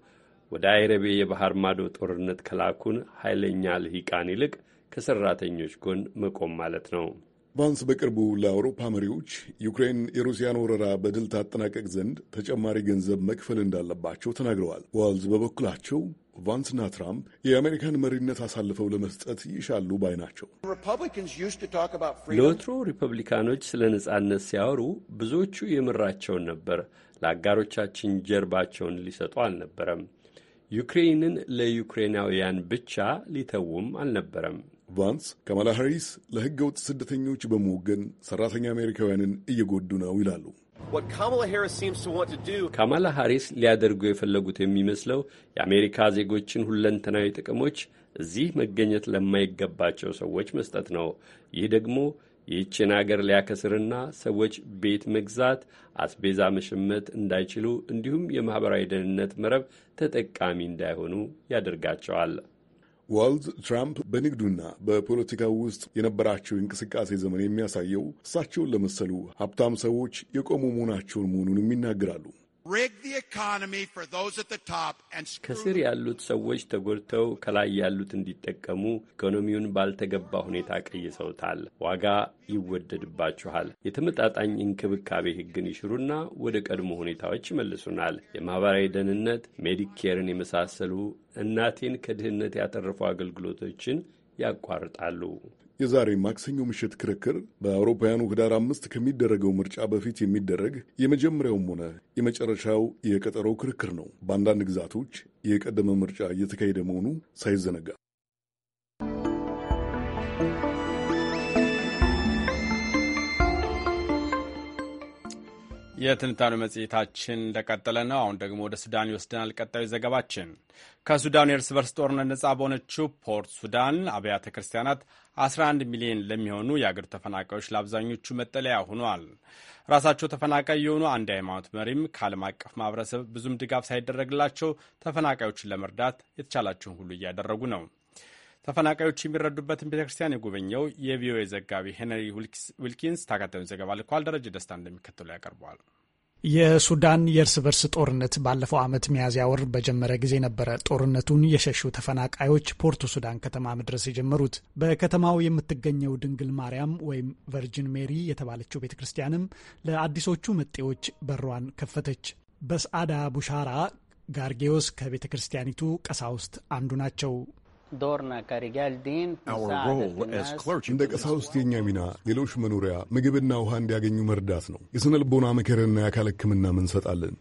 J: ወደ አይረቤ የባህር ማዶ ጦርነት ከላኩን ኃይለኛ ልሂቃን ይልቅ ከሠራተኞች ጎን መቆም ማለት ነው።
K: ቫንስ በቅርቡ ለአውሮፓ መሪዎች ዩክሬን የሩሲያን ወረራ በድል ታጠናቀቅ ዘንድ ተጨማሪ ገንዘብ መክፈል እንዳለባቸው ተናግረዋል። ዋልዝ በበኩላቸው ቫንስና ትራምፕ የአሜሪካን መሪነት አሳልፈው ለመስጠት ይሻሉ ባይ ናቸው። ለወትሮ ሪፐብሊካኖች ስለ ነጻነት ሲያወሩ
J: ብዙዎቹ የምራቸውን ነበር። ለአጋሮቻችን ጀርባቸውን ሊሰጡ አልነበረም። ዩክሬንን ለዩክሬናውያን ብቻ ሊተውም አልነበረም። ቫንስ
K: ካማላ ሃሪስ ለሕገ ወጥ ስደተኞች በመወገን ሰራተኛ አሜሪካውያንን እየጎዱ ነው ይላሉ። ካማላ ሃሪስ ሊያደርጉ የፈለጉት የሚመስለው
J: የአሜሪካ ዜጎችን ሁለንተናዊ ጥቅሞች እዚህ መገኘት ለማይገባቸው ሰዎች መስጠት ነው። ይህ ደግሞ ይህችን አገር ሊያከስርና ሰዎች ቤት መግዛት፣ አስቤዛ መሸመት እንዳይችሉ እንዲሁም የማኅበራዊ ደህንነት መረብ ተጠቃሚ እንዳይሆኑ ያደርጋቸዋል።
K: ዋልድ ትራምፕ በንግዱና በፖለቲካው ውስጥ የነበራቸው እንቅስቃሴ ዘመን የሚያሳየው እሳቸውን ለመሰሉ ሀብታም ሰዎች የቆሙ መሆናቸውን መሆኑንም ይናገራሉ።
J: ከስር ያሉት ሰዎች ተጎድተው ከላይ ያሉት እንዲጠቀሙ ኢኮኖሚውን ባልተገባ ሁኔታ ቀይሰውታል። ዋጋ ይወደድባችኋል። የተመጣጣኝ እንክብካቤ ሕግን ይሽሩና ወደ ቀድሞ ሁኔታዎች ይመልሱናል። የማኅበራዊ ደህንነት፣ ሜዲኬርን የመሳሰሉ እናቴን ከድህነት ያተረፉ አገልግሎቶችን ያቋርጣሉ።
K: የዛሬ ማክሰኞ ምሽት ክርክር በአውሮፓውያኑ ህዳር አምስት ከሚደረገው ምርጫ በፊት የሚደረግ የመጀመሪያውም ሆነ የመጨረሻው የቀጠሮ ክርክር ነው። በአንዳንድ ግዛቶች የቀደመ ምርጫ እየተካሄደ መሆኑ ሳይዘነጋ
A: የትንታኔ መጽሔታችን እንደቀጠለ ነው። አሁን ደግሞ ወደ ሱዳን ይወስደናል። ቀጣዩ ዘገባችን ከሱዳን የእርስ በርስ ጦርነት ነጻ በሆነችው ፖርት ሱዳን አብያተ ክርስቲያናት 11 ሚሊዮን ለሚሆኑ የአገር ተፈናቃዮች ለአብዛኞቹ መጠለያ ሆኗል። ራሳቸው ተፈናቃይ የሆኑ አንድ ሃይማኖት መሪም ከዓለም አቀፍ ማህበረሰብ ብዙም ድጋፍ ሳይደረግላቸው ተፈናቃዮችን ለመርዳት የተቻላቸውን ሁሉ እያደረጉ ነው። ተፈናቃዮች የሚረዱበትን ቤተ ክርስቲያን የጎበኘው የቪኦኤ ዘጋቢ ሄነሪ ዊልኪንስ ተከታዩን ዘገባ ልኳል። ደረጀ ደስታ እንደሚከተሉ ያቀርበዋል።
G: የሱዳን የእርስ በርስ ጦርነት ባለፈው ዓመት ሚያዝያ ወር በጀመረ ጊዜ ነበረ ጦርነቱን የሸሹ ተፈናቃዮች ፖርቱ ሱዳን ከተማ መድረስ የጀመሩት። በከተማው የምትገኘው ድንግል ማርያም ወይም ቨርጅን ሜሪ የተባለችው ቤተ ክርስቲያንም ለአዲሶቹ መጤዎች በሯን ከፈተች። በስአዳ ቡሻራ ጋርጌዎስ ከቤተ ክርስቲያኒቱ ቀሳውስት አንዱ ናቸው።
K: እንደ ቀሳውስት የኛ ሚና ሌሎች መኖሪያ ምግብና ውሃ እንዲያገኙ መርዳት ነው። የስነ ልቦና ምክርና የአካል ሕክምናም እንሰጣለን።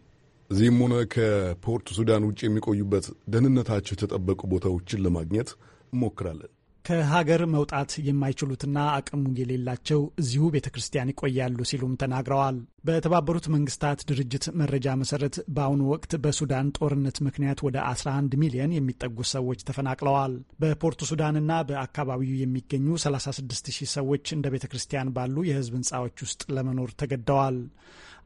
K: እዚህም ሆነ ከፖርት ሱዳን ውጭ የሚቆዩበት ደህንነታቸው የተጠበቁ ቦታዎችን ለማግኘት እንሞክራለን
G: ከሀገር መውጣት የማይችሉትና አቅሙ የሌላቸው እዚሁ ቤተ ክርስቲያን ይቆያሉ ሲሉም ተናግረዋል። በተባበሩት መንግስታት ድርጅት መረጃ መሰረት በአሁኑ ወቅት በሱዳን ጦርነት ምክንያት ወደ 11 ሚሊዮን የሚጠጉ ሰዎች ተፈናቅለዋል። በፖርቱ ሱዳንና በአካባቢው የሚገኙ 36 ሺህ ሰዎች እንደ ቤተ ክርስቲያን ባሉ የህዝብ ህንፃዎች ውስጥ ለመኖር ተገደዋል።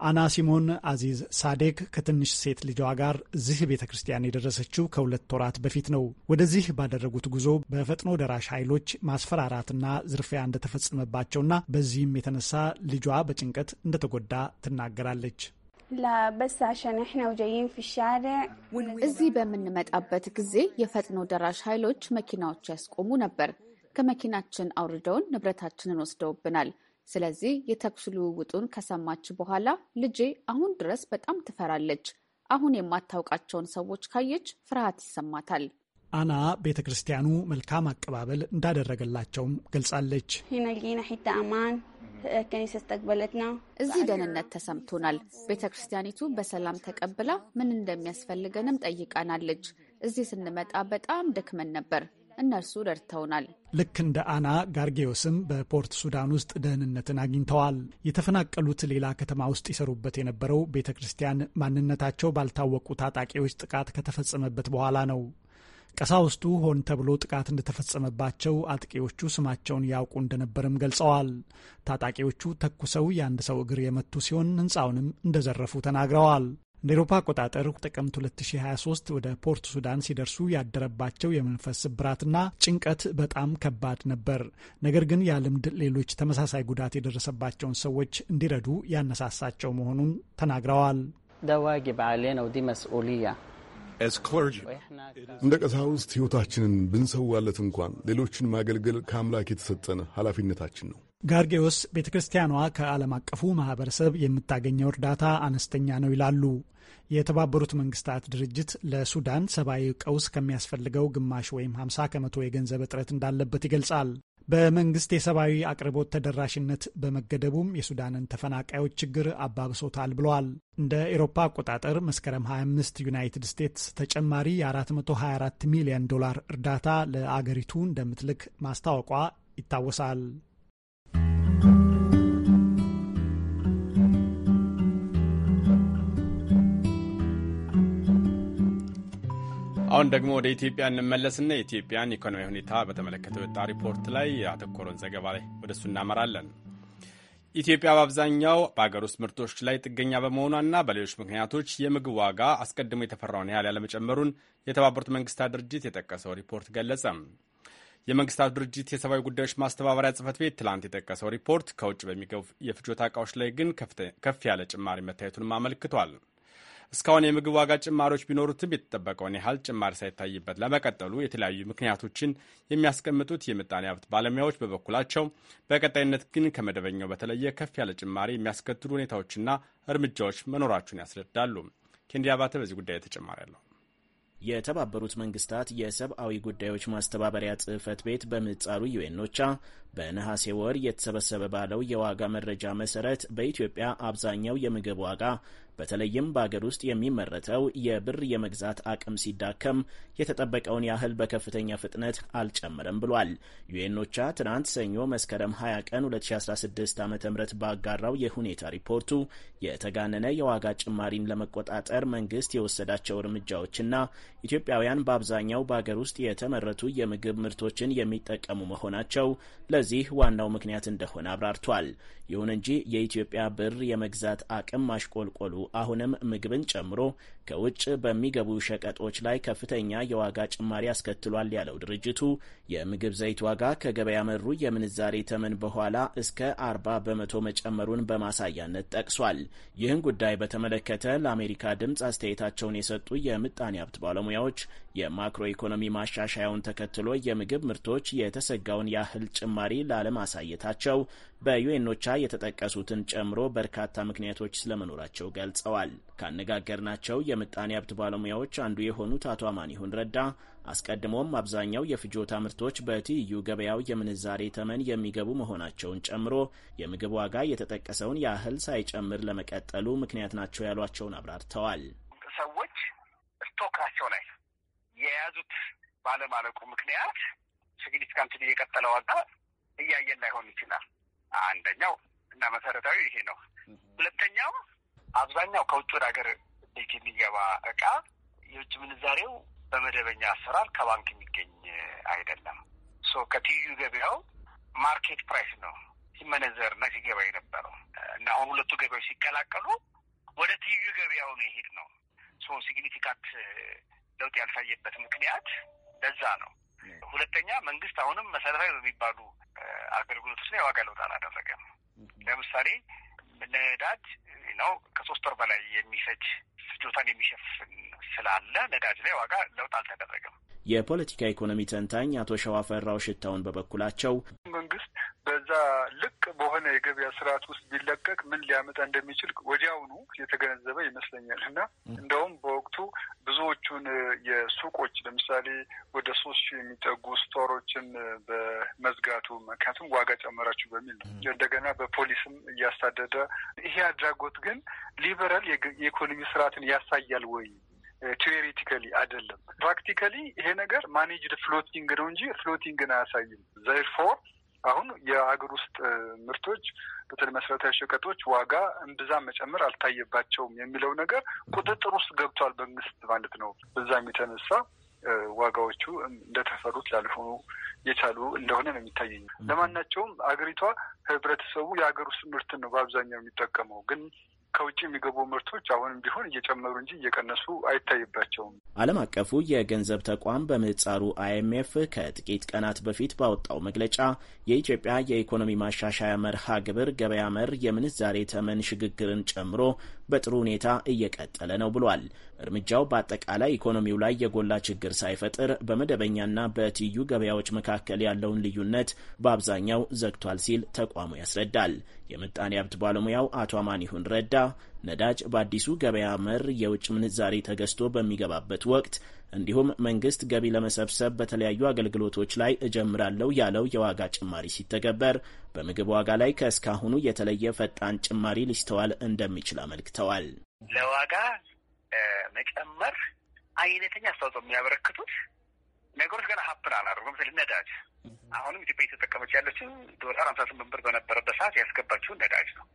G: አና ሲሞን አዚዝ ሳዴክ ከትንሽ ሴት ልጇ ጋር እዚህ ቤተ ክርስቲያን የደረሰችው ከሁለት ወራት በፊት ነው። ወደዚህ ባደረጉት ጉዞ በፈጥኖ ደራሽ ኃይሎች ማስፈራራትና ዝርፊያ እንደተፈጸመባቸውና በዚህም የተነሳ ልጇ በጭንቀት እንደተጎዳ
H: ትናገራለች። እዚህ በምንመጣበት ጊዜ የፈጥኖ ደራሽ ኃይሎች መኪናዎች ያስቆሙ ነበር። ከመኪናችን አውርደውን ንብረታችንን ወስደውብናል። ስለዚህ የተኩስ ልውውጡን ከሰማች በኋላ ልጄ አሁን ድረስ በጣም ትፈራለች። አሁን የማታውቃቸውን ሰዎች ካየች ፍርሃት ይሰማታል።
G: አና ቤተ ክርስቲያኑ መልካም አቀባበል እንዳደረገላቸውም
H: ገልጻለች። እዚህ ደህንነት ተሰምቶናል። ቤተ ክርስቲያኒቱ በሰላም ተቀብላ ምን እንደሚያስፈልገንም ጠይቃናለች። እዚህ ስንመጣ በጣም ደክመን ነበር። እነርሱ ረድተውናል።
G: ልክ እንደ አና ጋርጌዮስም በፖርት ሱዳን ውስጥ ደህንነትን አግኝተዋል። የተፈናቀሉት ሌላ ከተማ ውስጥ ይሰሩበት የነበረው ቤተ ክርስቲያን ማንነታቸው ባልታወቁ ታጣቂዎች ጥቃት ከተፈጸመበት በኋላ ነው። ቀሳውስቱ ሆን ተብሎ ጥቃት እንደተፈጸመባቸው አጥቂዎቹ ስማቸውን ያውቁ እንደነበርም ገልጸዋል። ታጣቂዎቹ ተኩሰው የአንድ ሰው እግር የመቱ ሲሆን ሕንፃውንም እንደዘረፉ ተናግረዋል። እንደ ኤሮፓ አቆጣጠር ጥቅምት 2023 ወደ ፖርት ሱዳን ሲደርሱ ያደረባቸው የመንፈስ ስብራትና ጭንቀት በጣም ከባድ ነበር። ነገር ግን ያ ልምድ ሌሎች ተመሳሳይ ጉዳት የደረሰባቸውን ሰዎች እንዲረዱ ያነሳሳቸው መሆኑን ተናግረዋል።
K: እንደ ቀሳውስት ሕይወታችንን ብንሰዋለት እንኳን ሌሎችን ማገልገል ከአምላክ የተሰጠን ኃላፊነታችን ነው።
G: ጋርጌዎስ ቤተ ክርስቲያኗ ከዓለም አቀፉ ማህበረሰብ የምታገኘው እርዳታ አነስተኛ ነው ይላሉ። የተባበሩት መንግስታት ድርጅት ለሱዳን ሰብአዊ ቀውስ ከሚያስፈልገው ግማሽ ወይም 50 ከመቶ የገንዘብ እጥረት እንዳለበት ይገልጻል። በመንግስት የሰብአዊ አቅርቦት ተደራሽነት በመገደቡም የሱዳንን ተፈናቃዮች ችግር አባብሶታል ብለዋል። እንደ ኤሮፓ አቆጣጠር መስከረም 25 ዩናይትድ ስቴትስ ተጨማሪ የ424 ሚሊዮን ዶላር እርዳታ ለአገሪቱ እንደምትልክ ማስታወቋ ይታወሳል።
A: አሁን ደግሞ ወደ ኢትዮጵያ እንመለስና የኢትዮጵያን ኢኮኖሚ ሁኔታ በተመለከተ ወጣ ሪፖርት ላይ አተኮረን ዘገባ ላይ ወደ እሱ እናመራለን። ኢትዮጵያ በአብዛኛው በሀገር ውስጥ ምርቶች ላይ ጥገኛ በመሆኗና በሌሎች ምክንያቶች የምግብ ዋጋ አስቀድሞ የተፈራውን ያህል ያለመጨመሩን የተባበሩት መንግስታት ድርጅት የጠቀሰው ሪፖርት ገለጸ። የመንግስታቱ ድርጅት የሰብአዊ ጉዳዮች ማስተባበሪያ ጽህፈት ቤት ትላንት የጠቀሰው ሪፖርት ከውጭ በሚገቡ የፍጆታ እቃዎች ላይ ግን ከፍ ያለ ጭማሪ መታየቱንም አመልክቷል። እስካሁን የምግብ ዋጋ ጭማሪዎች ቢኖሩትም የተጠበቀውን ያህል ጭማሪ ሳይታይበት ለመቀጠሉ የተለያዩ ምክንያቶችን የሚያስቀምጡት የምጣኔ ሀብት ባለሙያዎች በበኩላቸው በቀጣይነት ግን ከመደበኛው በተለየ ከፍ ያለ ጭማሪ የሚያስከትሉ ሁኔታዎችና እርምጃዎች መኖራቸውን ያስረዳሉ። ኬንዲ አባተ በዚህ ጉዳይ ተጨማሪ
L: ያለው የተባበሩት መንግስታት የሰብአዊ ጉዳዮች ማስተባበሪያ ጽህፈት ቤት በምህጻሩ ዩኤኖቻ በነሐሴ ወር የተሰበሰበ ባለው የዋጋ መረጃ መሰረት በኢትዮጵያ አብዛኛው የምግብ ዋጋ በተለይም በአገር ውስጥ የሚመረተው የብር የመግዛት አቅም ሲዳከም የተጠበቀውን ያህል በከፍተኛ ፍጥነት አልጨመረም ብሏል። ዩኤኖቻ ትናንት ሰኞ መስከረም 20 ቀን 2016 ዓ ም ባጋራው የሁኔታ ሪፖርቱ የተጋነነ የዋጋ ጭማሪን ለመቆጣጠር መንግስት የወሰዳቸው እርምጃዎችና ኢትዮጵያውያን በአብዛኛው በአገር ውስጥ የተመረቱ የምግብ ምርቶችን የሚጠቀሙ መሆናቸው ለዚህ ዋናው ምክንያት እንደሆነ አብራርቷል። ይሁን እንጂ የኢትዮጵያ ብር የመግዛት አቅም ማሽቆልቆሉ አሁንም ምግብን ጨምሮ ከውጭ በሚገቡ ሸቀጦች ላይ ከፍተኛ የዋጋ ጭማሪ አስከትሏል ያለው ድርጅቱ የምግብ ዘይት ዋጋ ከገበያ መሩ የምንዛሬ ተመን በኋላ እስከ 40 በመቶ መጨመሩን በማሳያነት ጠቅሷል። ይህን ጉዳይ በተመለከተ ለአሜሪካ ድምፅ አስተያየታቸውን የሰጡ የምጣኔ ሀብት ባለሙያዎች የማክሮ ኢኮኖሚ ማሻሻያውን ተከትሎ የምግብ ምርቶች የተሰጋውን ያህል ጭማሪ ላለማሳየታቸው በዩኤኖቻ የተጠቀሱትን ጨምሮ በርካታ ምክንያቶች ስለመኖራቸው ገልጸዋል። ካነጋገርናቸው የምጣኔ ሀብት ባለሙያዎች አንዱ የሆኑት አቶ አማኒሁን ረዳ አስቀድሞም አብዛኛው የፍጆታ ምርቶች በትይዩ ገበያው የምንዛሬ ተመን የሚገቡ መሆናቸውን ጨምሮ የምግብ ዋጋ የተጠቀሰውን ያህል ሳይጨምር ለመቀጠሉ ምክንያት ናቸው ያሏቸውን አብራርተዋል። ሰዎች
I: ስቶካቸው ላይ የያዙት ባለማለቁ ምክንያት ሲግኒፊካንት የቀጠለ ዋጋ እያየን ላይሆን ይችላል። አንደኛው እና መሰረታዊ ይሄ ነው። ሁለተኛው አብዛኛው ከውጭ ወደ ሀገር ቤት የሚገባ እቃ የውጭ ምንዛሬው በመደበኛ አሰራር ከባንክ የሚገኝ አይደለም። ሶ ከትይዩ ገበያው ማርኬት ፕራይስ ነው ሲመነዘር እና ሲገባ የነበረው እና አሁን ሁለቱ ገበያዎች ሲቀላቀሉ ወደ ትይዩ ገበያው ነው የሄድ ነው። ሶ ሲግኒፊካንት ለውጥ ያልታየበት ምክንያት ለዛ ነው። ሁለተኛ መንግስት አሁንም መሰረታዊ በሚባሉ አገልግሎቶች ላይ የዋጋ ለውጥ አላደረገም። ለምሳሌ ነዳጅ ነው ከሶስት ወር በላይ የሚፈጅ ፍጆታን የሚሸፍን ስላለ ነዳጅ ላይ ዋጋ ለውጥ
M: አልተደረገም።
L: የፖለቲካ ኢኮኖሚ ተንታኝ አቶ ሸዋፈራው ሽታውን በበኩላቸው
M: መንግስት በዛ ልቅ በሆነ የገበያ ስርዓት ውስጥ ቢለቀቅ ምን ሊያመጣ እንደሚችል ወዲያውኑ የተገነዘበ ይመስለኛል እና እንደውም በወቅቱ ብዙዎቹን የሱቆች ለምሳሌ ወደ ሶስት ሺህ የሚጠጉ ስቶሮችን በመዝጋቱ ምክንያቱም ዋጋ ጨመራችሁ በሚል ነው። እንደገና በፖሊስም እያሳደደ ይሄ አድራጎት ግን ሊበራል የኢኮኖሚ ስርዓትን ያሳያል ወይ ቲዎሪቲካሊ አይደለም። ፕራክቲካሊ ይሄ ነገር ማኔጅድ ፍሎቲንግ ነው እንጂ ፍሎቲንግን አያሳይም። ዘርፎር አሁን የሀገር ውስጥ ምርቶች በተለይ መሰረታዊ ሸቀጦች ዋጋ እምብዛም መጨመር አልታየባቸውም የሚለው ነገር ቁጥጥር ውስጥ ገብቷል መንግስት ማለት ነው። በዛም የተነሳ ዋጋዎቹ እንደተፈሩት ላልሆኑ የቻሉ እንደሆነ ነው የሚታየኝ። ለማናቸውም አገሪቷ ህብረተሰቡ የሀገር ውስጥ ምርትን ነው በአብዛኛው የሚጠቀመው ግን ከውጭ የሚገቡ ምርቶች አሁንም ቢሆን እየጨመሩ እንጂ እየቀነሱ አይታይባቸውም።
L: ዓለም አቀፉ የገንዘብ ተቋም በምህጻሩ አይኤምኤፍ ከጥቂት ቀናት በፊት ባወጣው መግለጫ የኢትዮጵያ የኢኮኖሚ ማሻሻያ መርሃ ግብር ገበያ መር የምንዛሬ ተመን ሽግግርን ጨምሮ በጥሩ ሁኔታ እየቀጠለ ነው ብሏል። እርምጃው በአጠቃላይ ኢኮኖሚው ላይ የጎላ ችግር ሳይፈጥር በመደበኛና በትዩ ገበያዎች መካከል ያለውን ልዩነት በአብዛኛው ዘግቷል ሲል ተቋሙ ያስረዳል። የምጣኔ ሀብት ባለሙያው አቶ አማኒሁን ረዳ ነዳጅ በአዲሱ ገበያ መር የውጭ ምንዛሬ ተገዝቶ በሚገባበት ወቅት እንዲሁም መንግስት ገቢ ለመሰብሰብ በተለያዩ አገልግሎቶች ላይ እጀምራለሁ ያለው የዋጋ ጭማሪ ሲተገበር በምግብ ዋጋ ላይ ከእስካሁኑ የተለየ ፈጣን ጭማሪ ሊስተዋል እንደሚችል አመልክተዋል። ለዋጋ መጨመር አይነተኛ አስተዋጽኦ
I: የሚያበረክቱት ነገሮች ገና ሀፕን አላደረጉም። ምስል ነዳጅ አሁንም ኢትዮጵያ የተጠቀመች ያለችው ዶላር ሀምሳ ስምንት ብር በነበረበት ሰዓት ያስገባችውን ነዳጅ ነው።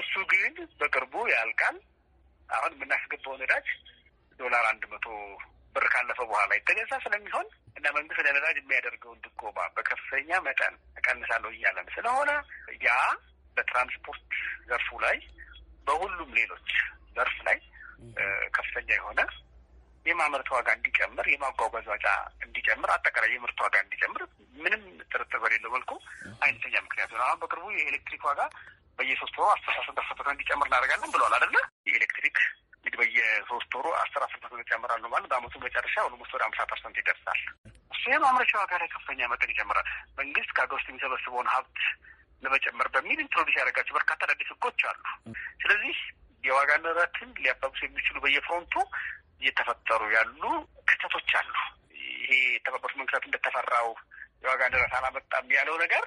I: እሱ ግን በቅርቡ ያልቃል። አሁን የምናስገባው ነዳጅ ዶላር አንድ መቶ ብር ካለፈ በኋላ የተገዛ ስለሚሆን እና መንግስት ለነዳጅ የሚያደርገውን ድጎማ በከፍተኛ መጠን እቀንሳለሁ እያለን ስለሆነ ያ በትራንስፖርት ዘርፉ ላይ በሁሉም ሌሎች ዘርፍ ላይ ከፍተኛ የሆነ የማምረት ዋጋ እንዲጨምር፣ የማጓጓዝ ዋጋ እንዲጨምር፣ አጠቃላይ የምርት ዋጋ እንዲጨምር ምንም ጥርጥር በሌለው መልኩ አይነተኛ ምክንያት ነው። አሁን በቅርቡ የኤሌክትሪክ ዋጋ በየሶስት ወሩ አስር አስር ፐርሰንት እንዲጨምር እናደርጋለን ብለዋል አደለ የኤሌክትሪክ እንግዲህ በየሶስት ወሩ አስር አስር ፐርሰንት ይጨምራል ነው ማለት በአመቱ መጨረሻ ኦልሞስት ወደ አምሳ ፐርሰንት ይደርሳል። ይህም አምራች ዋጋ ላይ ከፍተኛ መጠን ይጨምራል። መንግስት ከሀገር ውስጥ የሚሰበስበውን ሀብት ለመጨመር በሚል ኢንትሮዲስ ያደረጋቸው በርካታ አዳዲስ ህጎች አሉ። ስለዚህ የዋጋ ንረትን ሊያባብሱ የሚችሉ በየፍሮንቱ እየተፈጠሩ ያሉ ክስተቶች አሉ። ይሄ የተባበሩት መንግስታት እንደተፈራው የዋጋ ንረት አላመጣም ያለው ነገር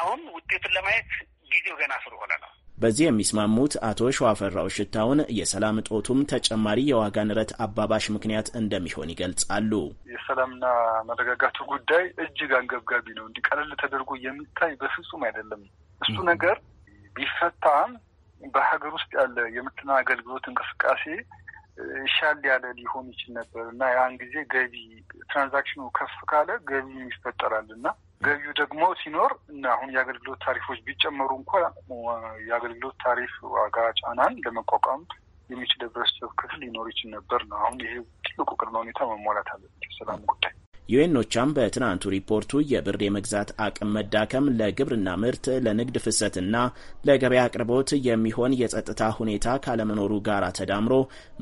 I: አሁን ውጤቱን ለማየት
L: ጊዜው ገና ስለሆነ ነው። በዚህ የሚስማሙት አቶ ሸዋፈራው ሽታውን የሰላም እጦቱም ተጨማሪ የዋጋ ንረት አባባሽ ምክንያት እንደሚሆን ይገልጻሉ።
M: የሰላምና መረጋጋቱ ጉዳይ እጅግ አንገብጋቢ ነው። እንዲህ ቀለል ተደርጎ የሚታይ በፍጹም አይደለም። እሱ ነገር ቢፈታም በሀገር ውስጥ ያለ የምርትና አገልግሎት እንቅስቃሴ ሻል ያለ ሊሆን ይችል ነበር እና ያን ጊዜ ገቢ ትራንዛክሽኑ ከፍ ካለ ገቢ ይፈጠራል እና ገቢው ደግሞ ሲኖር እና አሁን የአገልግሎት ታሪፎች ቢጨመሩ እንኳ የአገልግሎት ታሪፍ ዋጋ ጫናን ለመቋቋም የሚችል ህብረተሰብ ክፍል ሊኖር ይችል ነበር ነው። አሁን ይሄ ትልቁ ቅድመ ሁኔታ መሟላት አለበት። የሰላም
L: ጉዳይ ዩኤኖቻም በትናንቱ ሪፖርቱ የብር የመግዛት አቅም መዳከም ለግብርና ምርት፣ ለንግድ ፍሰትና ለገበያ አቅርቦት የሚሆን የጸጥታ ሁኔታ ካለመኖሩ ጋር ተዳምሮ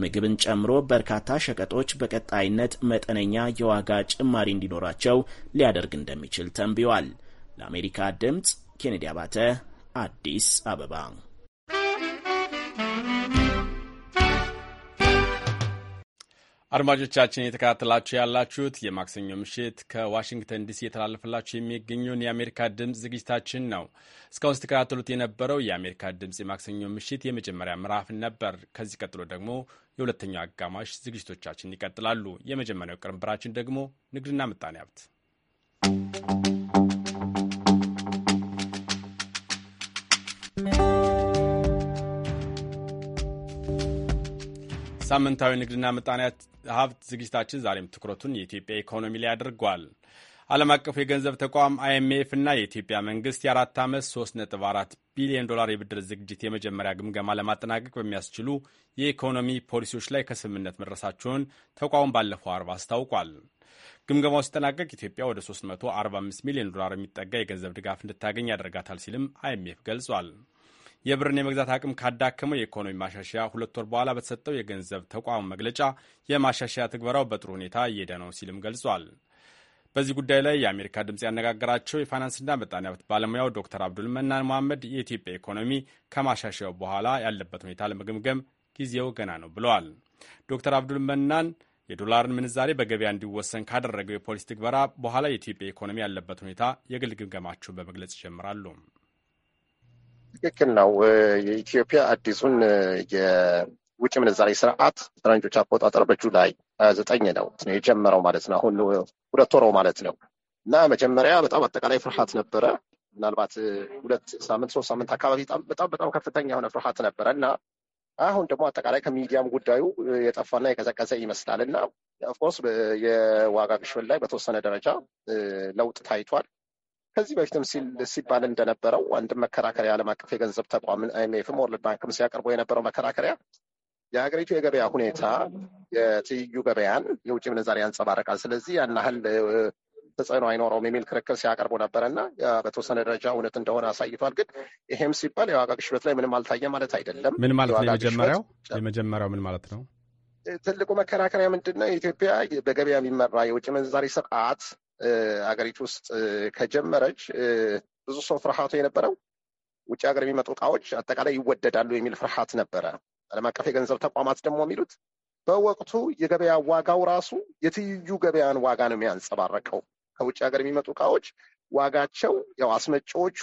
L: ምግብን ጨምሮ በርካታ ሸቀጦች በቀጣይነት መጠነኛ የዋጋ ጭማሪ እንዲኖራቸው ሊያደርግ እንደሚችል ተንብዋል። ለአሜሪካ ድምፅ ኬኔዲ አባተ አዲስ አበባ
A: አድማጮቻችን የተከታተላችሁ ያላችሁት የማክሰኞ ምሽት ከዋሽንግተን ዲሲ የተላለፈላችሁ የሚገኘውን የአሜሪካ ድምፅ ዝግጅታችን ነው። እስካሁን ስትከታተሉት የነበረው የአሜሪካ ድምፅ የማክሰኞ ምሽት የመጀመሪያ ምዕራፍ ነበር። ከዚህ ቀጥሎ ደግሞ የሁለተኛው አጋማሽ ዝግጅቶቻችን ይቀጥላሉ። የመጀመሪያው ቅርንብራችን ደግሞ ንግድና ምጣኔ ሀብት ሳምንታዊ ንግድና ምጣኔ ሀብት ዝግጅታችን ዛሬም ትኩረቱን የኢትዮጵያ ኢኮኖሚ ላይ አድርጓል። ዓለም አቀፉ የገንዘብ ተቋም አይኤምኤፍ እና የኢትዮጵያ መንግስት የአራት ዓመት 3.4 ቢሊዮን ዶላር የብድር ዝግጅት የመጀመሪያ ግምገማ ለማጠናቀቅ በሚያስችሉ የኢኮኖሚ ፖሊሲዎች ላይ ከስምምነት መድረሳቸውን ተቋሙ ባለፈው አርብ አስታውቋል። ግምገማው ሲጠናቀቅ ኢትዮጵያ ወደ 345 ሚሊዮን ዶላር የሚጠጋ የገንዘብ ድጋፍ እንድታገኝ ያደርጋታል ሲልም አይኤምኤፍ ገልጿል። የብርን የመግዛት አቅም ካዳከመው የኢኮኖሚ ማሻሻያ ሁለት ወር በኋላ በተሰጠው የገንዘብ ተቋሙ መግለጫ የማሻሻያ ትግበራው በጥሩ ሁኔታ እየሄደ ነው ሲልም ገልጿል። በዚህ ጉዳይ ላይ የአሜሪካ ድምፅ ያነጋገራቸው የፋይናንስና ምጣኔ ሀብት ባለሙያው ዶክተር አብዱል መናን መሐመድ የኢትዮጵያ ኢኮኖሚ ከማሻሻያው በኋላ ያለበት ሁኔታ ለመገምገም ጊዜው ገና ነው ብለዋል። ዶክተር አብዱል መናን የዶላርን ምንዛሬ በገበያ እንዲወሰን ካደረገው የፖሊሲ ትግበራ በኋላ የኢትዮጵያ ኢኮኖሚ ያለበት ሁኔታ የግል ግምገማቸውን በመግለጽ ይጀምራሉ።
N: ትክክል ነው። የኢትዮጵያ አዲሱን የውጭ ምንዛሬ ስርዓት ፈረንጆች አቆጣጠር በጁላይ ዘጠኝ ነው የጀመረው ማለት ነው። አሁን ሁለት ወረው ማለት ነው እና መጀመሪያ በጣም አጠቃላይ ፍርሃት ነበረ ምናልባት ሁለት ሳምንት ሶስት ሳምንት አካባቢ በጣም በጣም ከፍተኛ የሆነ ፍርሃት ነበረ እና አሁን ደግሞ አጠቃላይ ከሚዲያም ጉዳዩ የጠፋና የቀዘቀዘ ይመስላል እና ኦፍኮርስ የዋጋ ግሽበት ላይ በተወሰነ ደረጃ ለውጥ ታይቷል። ከዚህ በፊትም ሲባል እንደነበረው አንድም መከራከሪያ ዓለም አቀፍ የገንዘብ ተቋም አይኤምኤፍም ወርልድ ባንክም ሲያቀርቡ የነበረው መከራከሪያ የሀገሪቱ የገበያ ሁኔታ የትይዩ ገበያን የውጭ ምንዛሪ ያንጸባረቃል፣ ስለዚህ ያን ያህል ተጽዕኖ አይኖረውም የሚል ክርክር ሲያቀርቡ ነበረና በተወሰነ ደረጃ እውነት እንደሆነ አሳይቷል። ግን ይሄም ሲባል የዋጋ ግሽበት ላይ ምንም አልታየ ማለት አይደለም።
A: ምን ማለት ነው? የመጀመሪያው የመጀመሪያው ምን ማለት ነው?
N: ትልቁ መከራከሪያ ምንድን ነው? የኢትዮጵያ በገበያ የሚመራ የውጭ ምንዛሪ ስርዓት አገሪቱ ውስጥ ከጀመረች ብዙ ሰው ፍርሃቱ የነበረው ውጭ ሀገር የሚመጡ እቃዎች አጠቃላይ ይወደዳሉ የሚል ፍርሃት ነበረ። ዓለም አቀፍ የገንዘብ ተቋማት ደግሞ የሚሉት በወቅቱ የገበያ ዋጋው ራሱ የትይዩ ገበያን ዋጋ ነው የሚያንጸባረቀው። ከውጭ ሀገር የሚመጡ እቃዎች ዋጋቸው ያው አስመጪዎቹ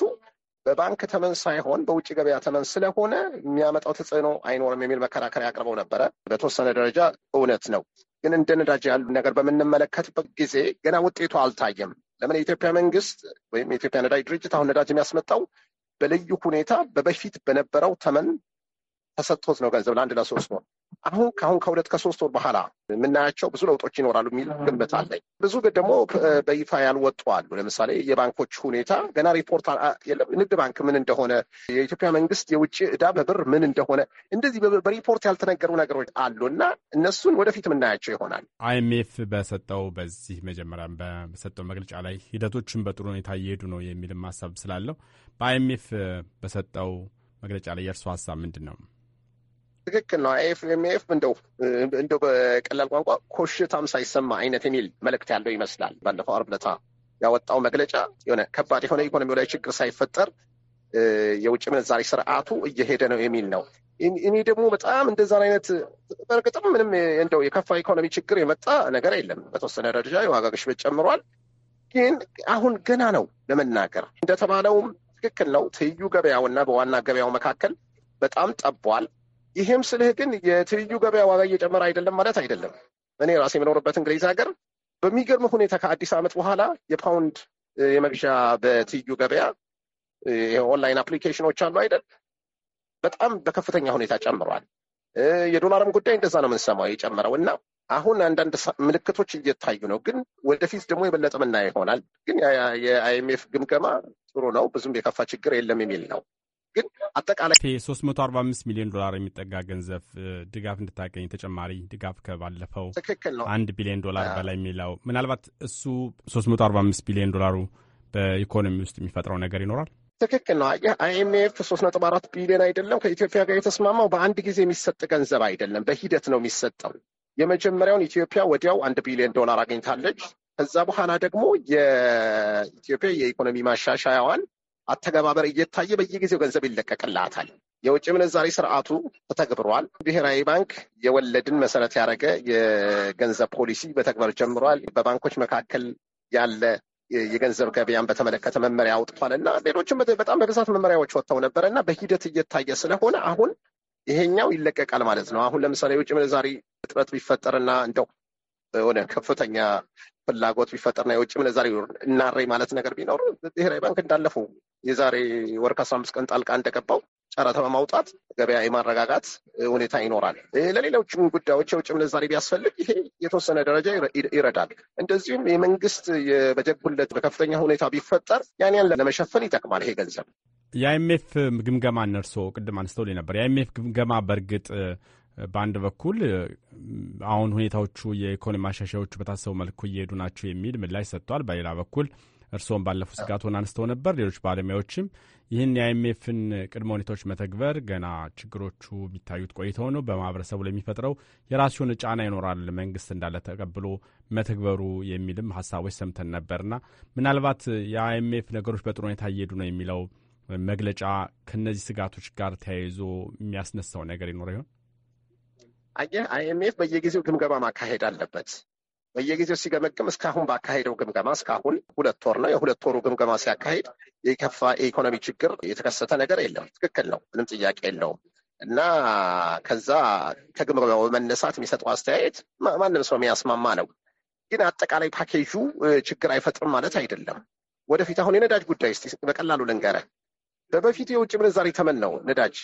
N: በባንክ ተመን ሳይሆን በውጭ ገበያ ተመን ስለሆነ የሚያመጣው ተጽዕኖ አይኖርም የሚል መከራከሪያ አቅርበው ነበረ። በተወሰነ ደረጃ እውነት ነው። ግን እንደ ነዳጅ ያሉ ነገር በምንመለከትበት ጊዜ ገና ውጤቱ አልታየም። ለምን የኢትዮጵያ መንግስት ወይም የኢትዮጵያ ነዳጅ ድርጅት አሁን ነዳጅ የሚያስመጣው በልዩ ሁኔታ በበፊት በነበረው ተመን ተሰጥቶት ነው ገንዘብ ለአንድ ለሶስት ነው። አሁን ከአሁን ከሁለት ከሶስት ወር በኋላ የምናያቸው ብዙ ለውጦች ይኖራሉ የሚል ግምት አለኝ። ብዙ ደግሞ በይፋ ያልወጡ አሉ። ለምሳሌ የባንኮች ሁኔታ ገና ሪፖርት የለም። ንግድ ባንክ ምን እንደሆነ፣ የኢትዮጵያ መንግስት የውጭ ዕዳ በብር ምን እንደሆነ፣ እንደዚህ በሪፖርት ያልተነገሩ ነገሮች አሉ እና እነሱን ወደፊት የምናያቸው ይሆናል።
A: አይኤምኤፍ በሰጠው በዚህ መጀመሪያ በሰጠው መግለጫ ላይ ሂደቶችን በጥሩ ሁኔታ እየሄዱ ነው የሚልም ሀሳብ ስላለው በአይኤምኤፍ በሰጠው መግለጫ ላይ የእርሱ ሀሳብ ምንድን ነው?
N: ትክክል ነው። አይኤፍኤምኤፍ እንደው እንደው በቀላል ቋንቋ ኮሽታም ሳይሰማ አይነት የሚል መልእክት ያለው ይመስላል። ባለፈው አርብ ዕለት ያወጣው መግለጫ የሆነ ከባድ የሆነ ኢኮኖሚ ላይ ችግር ሳይፈጠር የውጭ ምንዛሪ ስርዓቱ እየሄደ ነው የሚል ነው። እኔ ደግሞ በጣም እንደዛን አይነት በእርግጥም ምንም እንደው የከፋ ኢኮኖሚ ችግር የመጣ ነገር የለም። በተወሰነ ደረጃ የዋጋ ግሽበት ጨምሯል። ግን አሁን ገና ነው ለመናገር እንደተባለውም ትክክል ነው። ትይዩ ገበያውና በዋና ገበያው መካከል በጣም ጠቧል። ይሄም ስልህ ግን የትይዩ ገበያ ዋጋ እየጨመረ አይደለም ማለት አይደለም። እኔ ራሴ የምኖርበት እንግሊዝ ሀገር በሚገርም ሁኔታ ከአዲስ ዓመት በኋላ የፓውንድ የመግዣ በትይዩ ገበያ የኦንላይን አፕሊኬሽኖች አሉ አይደል፣ በጣም በከፍተኛ ሁኔታ ጨምሯል። የዶላርም ጉዳይ እንደዛ ነው የምንሰማው የጨመረው እና አሁን አንዳንድ ምልክቶች እየታዩ ነው። ግን ወደፊት ደግሞ የበለጠ ምና ይሆናል። ግን የአይኤምኤፍ ግምገማ ጥሩ ነው፣ ብዙም የከፋ ችግር የለም የሚል ነው።
A: ግን አጠቃላይ ሶስት መቶ አርባ አምስት ሚሊዮን ዶላር የሚጠጋ ገንዘብ ድጋፍ እንድታገኝ ተጨማሪ ድጋፍ ከባለፈው ትክክል ነው አንድ ቢሊዮን ዶላር በላይ የሚለው ምናልባት እሱ ሶስት መቶ አርባ አምስት ቢሊዮን ዶላሩ በኢኮኖሚ ውስጥ የሚፈጥረው ነገር ይኖራል።
N: ትክክል ነው። አይኤምኤፍ ሶስት ነጥብ አራት ቢሊዮን አይደለም ከኢትዮጵያ ጋር የተስማማው በአንድ ጊዜ የሚሰጥ ገንዘብ አይደለም፣ በሂደት ነው የሚሰጠው። የመጀመሪያውን ኢትዮጵያ ወዲያው አንድ ቢሊዮን ዶላር አግኝታለች። ከዛ በኋላ ደግሞ የኢትዮጵያ የኢኮኖሚ ማሻሻያዋን አተገባበር እየታየ በየጊዜው ገንዘብ ይለቀቅላታል። የውጭ ምንዛሬ ስርዓቱ ተተግብሯል። ብሔራዊ ባንክ የወለድን መሰረት ያደረገ የገንዘብ ፖሊሲ በተግባር ጀምሯል። በባንኮች መካከል ያለ የገንዘብ ገበያን በተመለከተ መመሪያ አውጥቷል እና ሌሎችም በጣም በብዛት መመሪያዎች ወጥተው ነበረ እና በሂደት እየታየ ስለሆነ አሁን ይሄኛው ይለቀቃል ማለት ነው። አሁን ለምሳሌ የውጭ ምንዛሪ እጥረት ቢፈጠርና እንደው የሆነ ከፍተኛ ፍላጎት ቢፈጠርና የውጭ ምንዛሪ እናሬ ማለት ነገር ቢኖር ብሔራዊ ባንክ እንዳለፈው የዛሬ ወር ከአስራ አምስት ቀን ጣልቃ እንደገባው ጨረታ በማውጣት ገበያ የማረጋጋት ሁኔታ ይኖራል። ለሌሎች ጉዳዮች የውጭ ምንዛሬ ቢያስፈልግ ይሄ የተወሰነ ደረጃ ይረዳል። እንደዚሁም የመንግስት የበጀት ጉድለት በከፍተኛ ሁኔታ ቢፈጠር ያን ያን ለመሸፈን ይጠቅማል ይሄ
C: ገንዘብ።
A: የአይኤምኤፍ ግምገማን እነርሶ ቅድም አንስተውልኝ ነበር። የአይኤምኤፍ ግምገማ በእርግጥ በአንድ በኩል አሁን ሁኔታዎቹ የኢኮኖሚ ማሻሻያዎቹ በታሰቡ መልኩ እየሄዱ ናቸው የሚል ምላሽ ሰጥቷል። በሌላ በኩል እርስዎም ባለፉት ስጋቶን አንስተው ነበር። ሌሎች ባለሙያዎችም ይህን የአይኤምኤፍን ቅድመ ሁኔታዎች መተግበር ገና ችግሮቹ የሚታዩት ቆይተው ነው፣ በማህበረሰቡ ለሚፈጥረው የራሱ የሆነ ጫና ይኖራል፣ መንግስት እንዳለ ተቀብሎ መተግበሩ የሚልም ሀሳቦች ሰምተን ነበርና ምናልባት የአይኤምኤፍ ነገሮች በጥሩ ሁኔታ እየሄዱ ነው የሚለው መግለጫ ከነዚህ ስጋቶች ጋር ተያይዞ የሚያስነሳው ነገር ይኖረ ይሆን?
N: አየህ አይኤምኤፍ በየጊዜው ግምገማ ማካሄድ አለበት። በየጊዜው ሲገመግም እስካሁን ባካሄደው ግምገማ እስካሁን ሁለት ወር ነው። የሁለት ወሩ ግምገማ ሲያካሄድ የከፋ የኢኮኖሚ ችግር የተከሰተ ነገር የለም። ትክክል ነው። ምንም ጥያቄ የለውም። እና ከዛ ከግምገማው በመነሳት የሚሰጠው አስተያየት ማንም ሰው የሚያስማማ ነው። ግን አጠቃላይ ፓኬጁ ችግር አይፈጥርም ማለት አይደለም። ወደፊት አሁን የነዳጅ ጉዳይ ስ በቀላሉ ልንገረ በበፊት የውጭ ምንዛሪ ተመን ነው ነዳጅ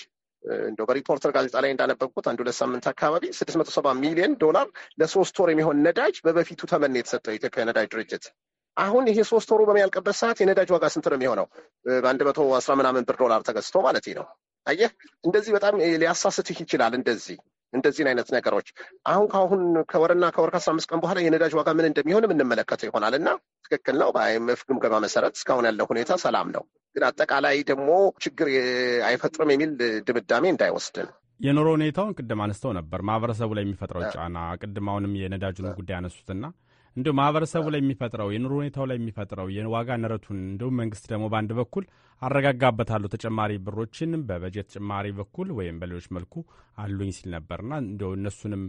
N: እንደው በሪፖርተር ጋዜጣ ላይ እንዳነበብኩት አንድ ሁለት ሳምንት አካባቢ ስድስት መቶ ሰባ ሚሊዮን ዶላር ለሶስት ወር የሚሆን ነዳጅ በበፊቱ ተመን የተሰጠው የኢትዮጵያ ነዳጅ ድርጅት አሁን ይሄ ሶስት ወሩ በሚያልቅበት ሰዓት የነዳጅ ዋጋ ስንት ነው የሚሆነው? በአንድ መቶ አስራ ምናምን ብር ዶላር ተገዝቶ ማለት ነው። አየህ እንደዚህ በጣም ሊያሳስትህ ይችላል እንደዚህ እንደዚህን አይነት ነገሮች አሁን ከአሁን ከወርና ከወር ከአስራ አምስት ቀን በኋላ የነዳጅ ዋጋ ምን እንደሚሆን የምንመለከተው ይሆናል እና ትክክል ነው። በአይምፍ ግምገማ መሰረት እስካሁን ያለው ሁኔታ ሰላም ነው፣ ግን አጠቃላይ ደግሞ ችግር አይፈጥርም የሚል ድምዳሜ እንዳይወስድን
A: የኑሮ ሁኔታውን ቅድም አነስተው ነበር ማህበረሰቡ ላይ የሚፈጥረው ጫና ቅድም አሁንም የነዳጁን ጉዳይ አነሱትና እንዲሁ ማህበረሰቡ ላይ የሚፈጥረው የኑሮ ሁኔታው ላይ የሚፈጥረው የዋጋ ንረቱን እንዲሁም መንግስት ደግሞ በአንድ በኩል አረጋጋበታለሁ ተጨማሪ ብሮችን በበጀት ተጨማሪ በኩል ወይም በሌሎች መልኩ አሉኝ ሲል ነበርና እንዲሁ እነሱንም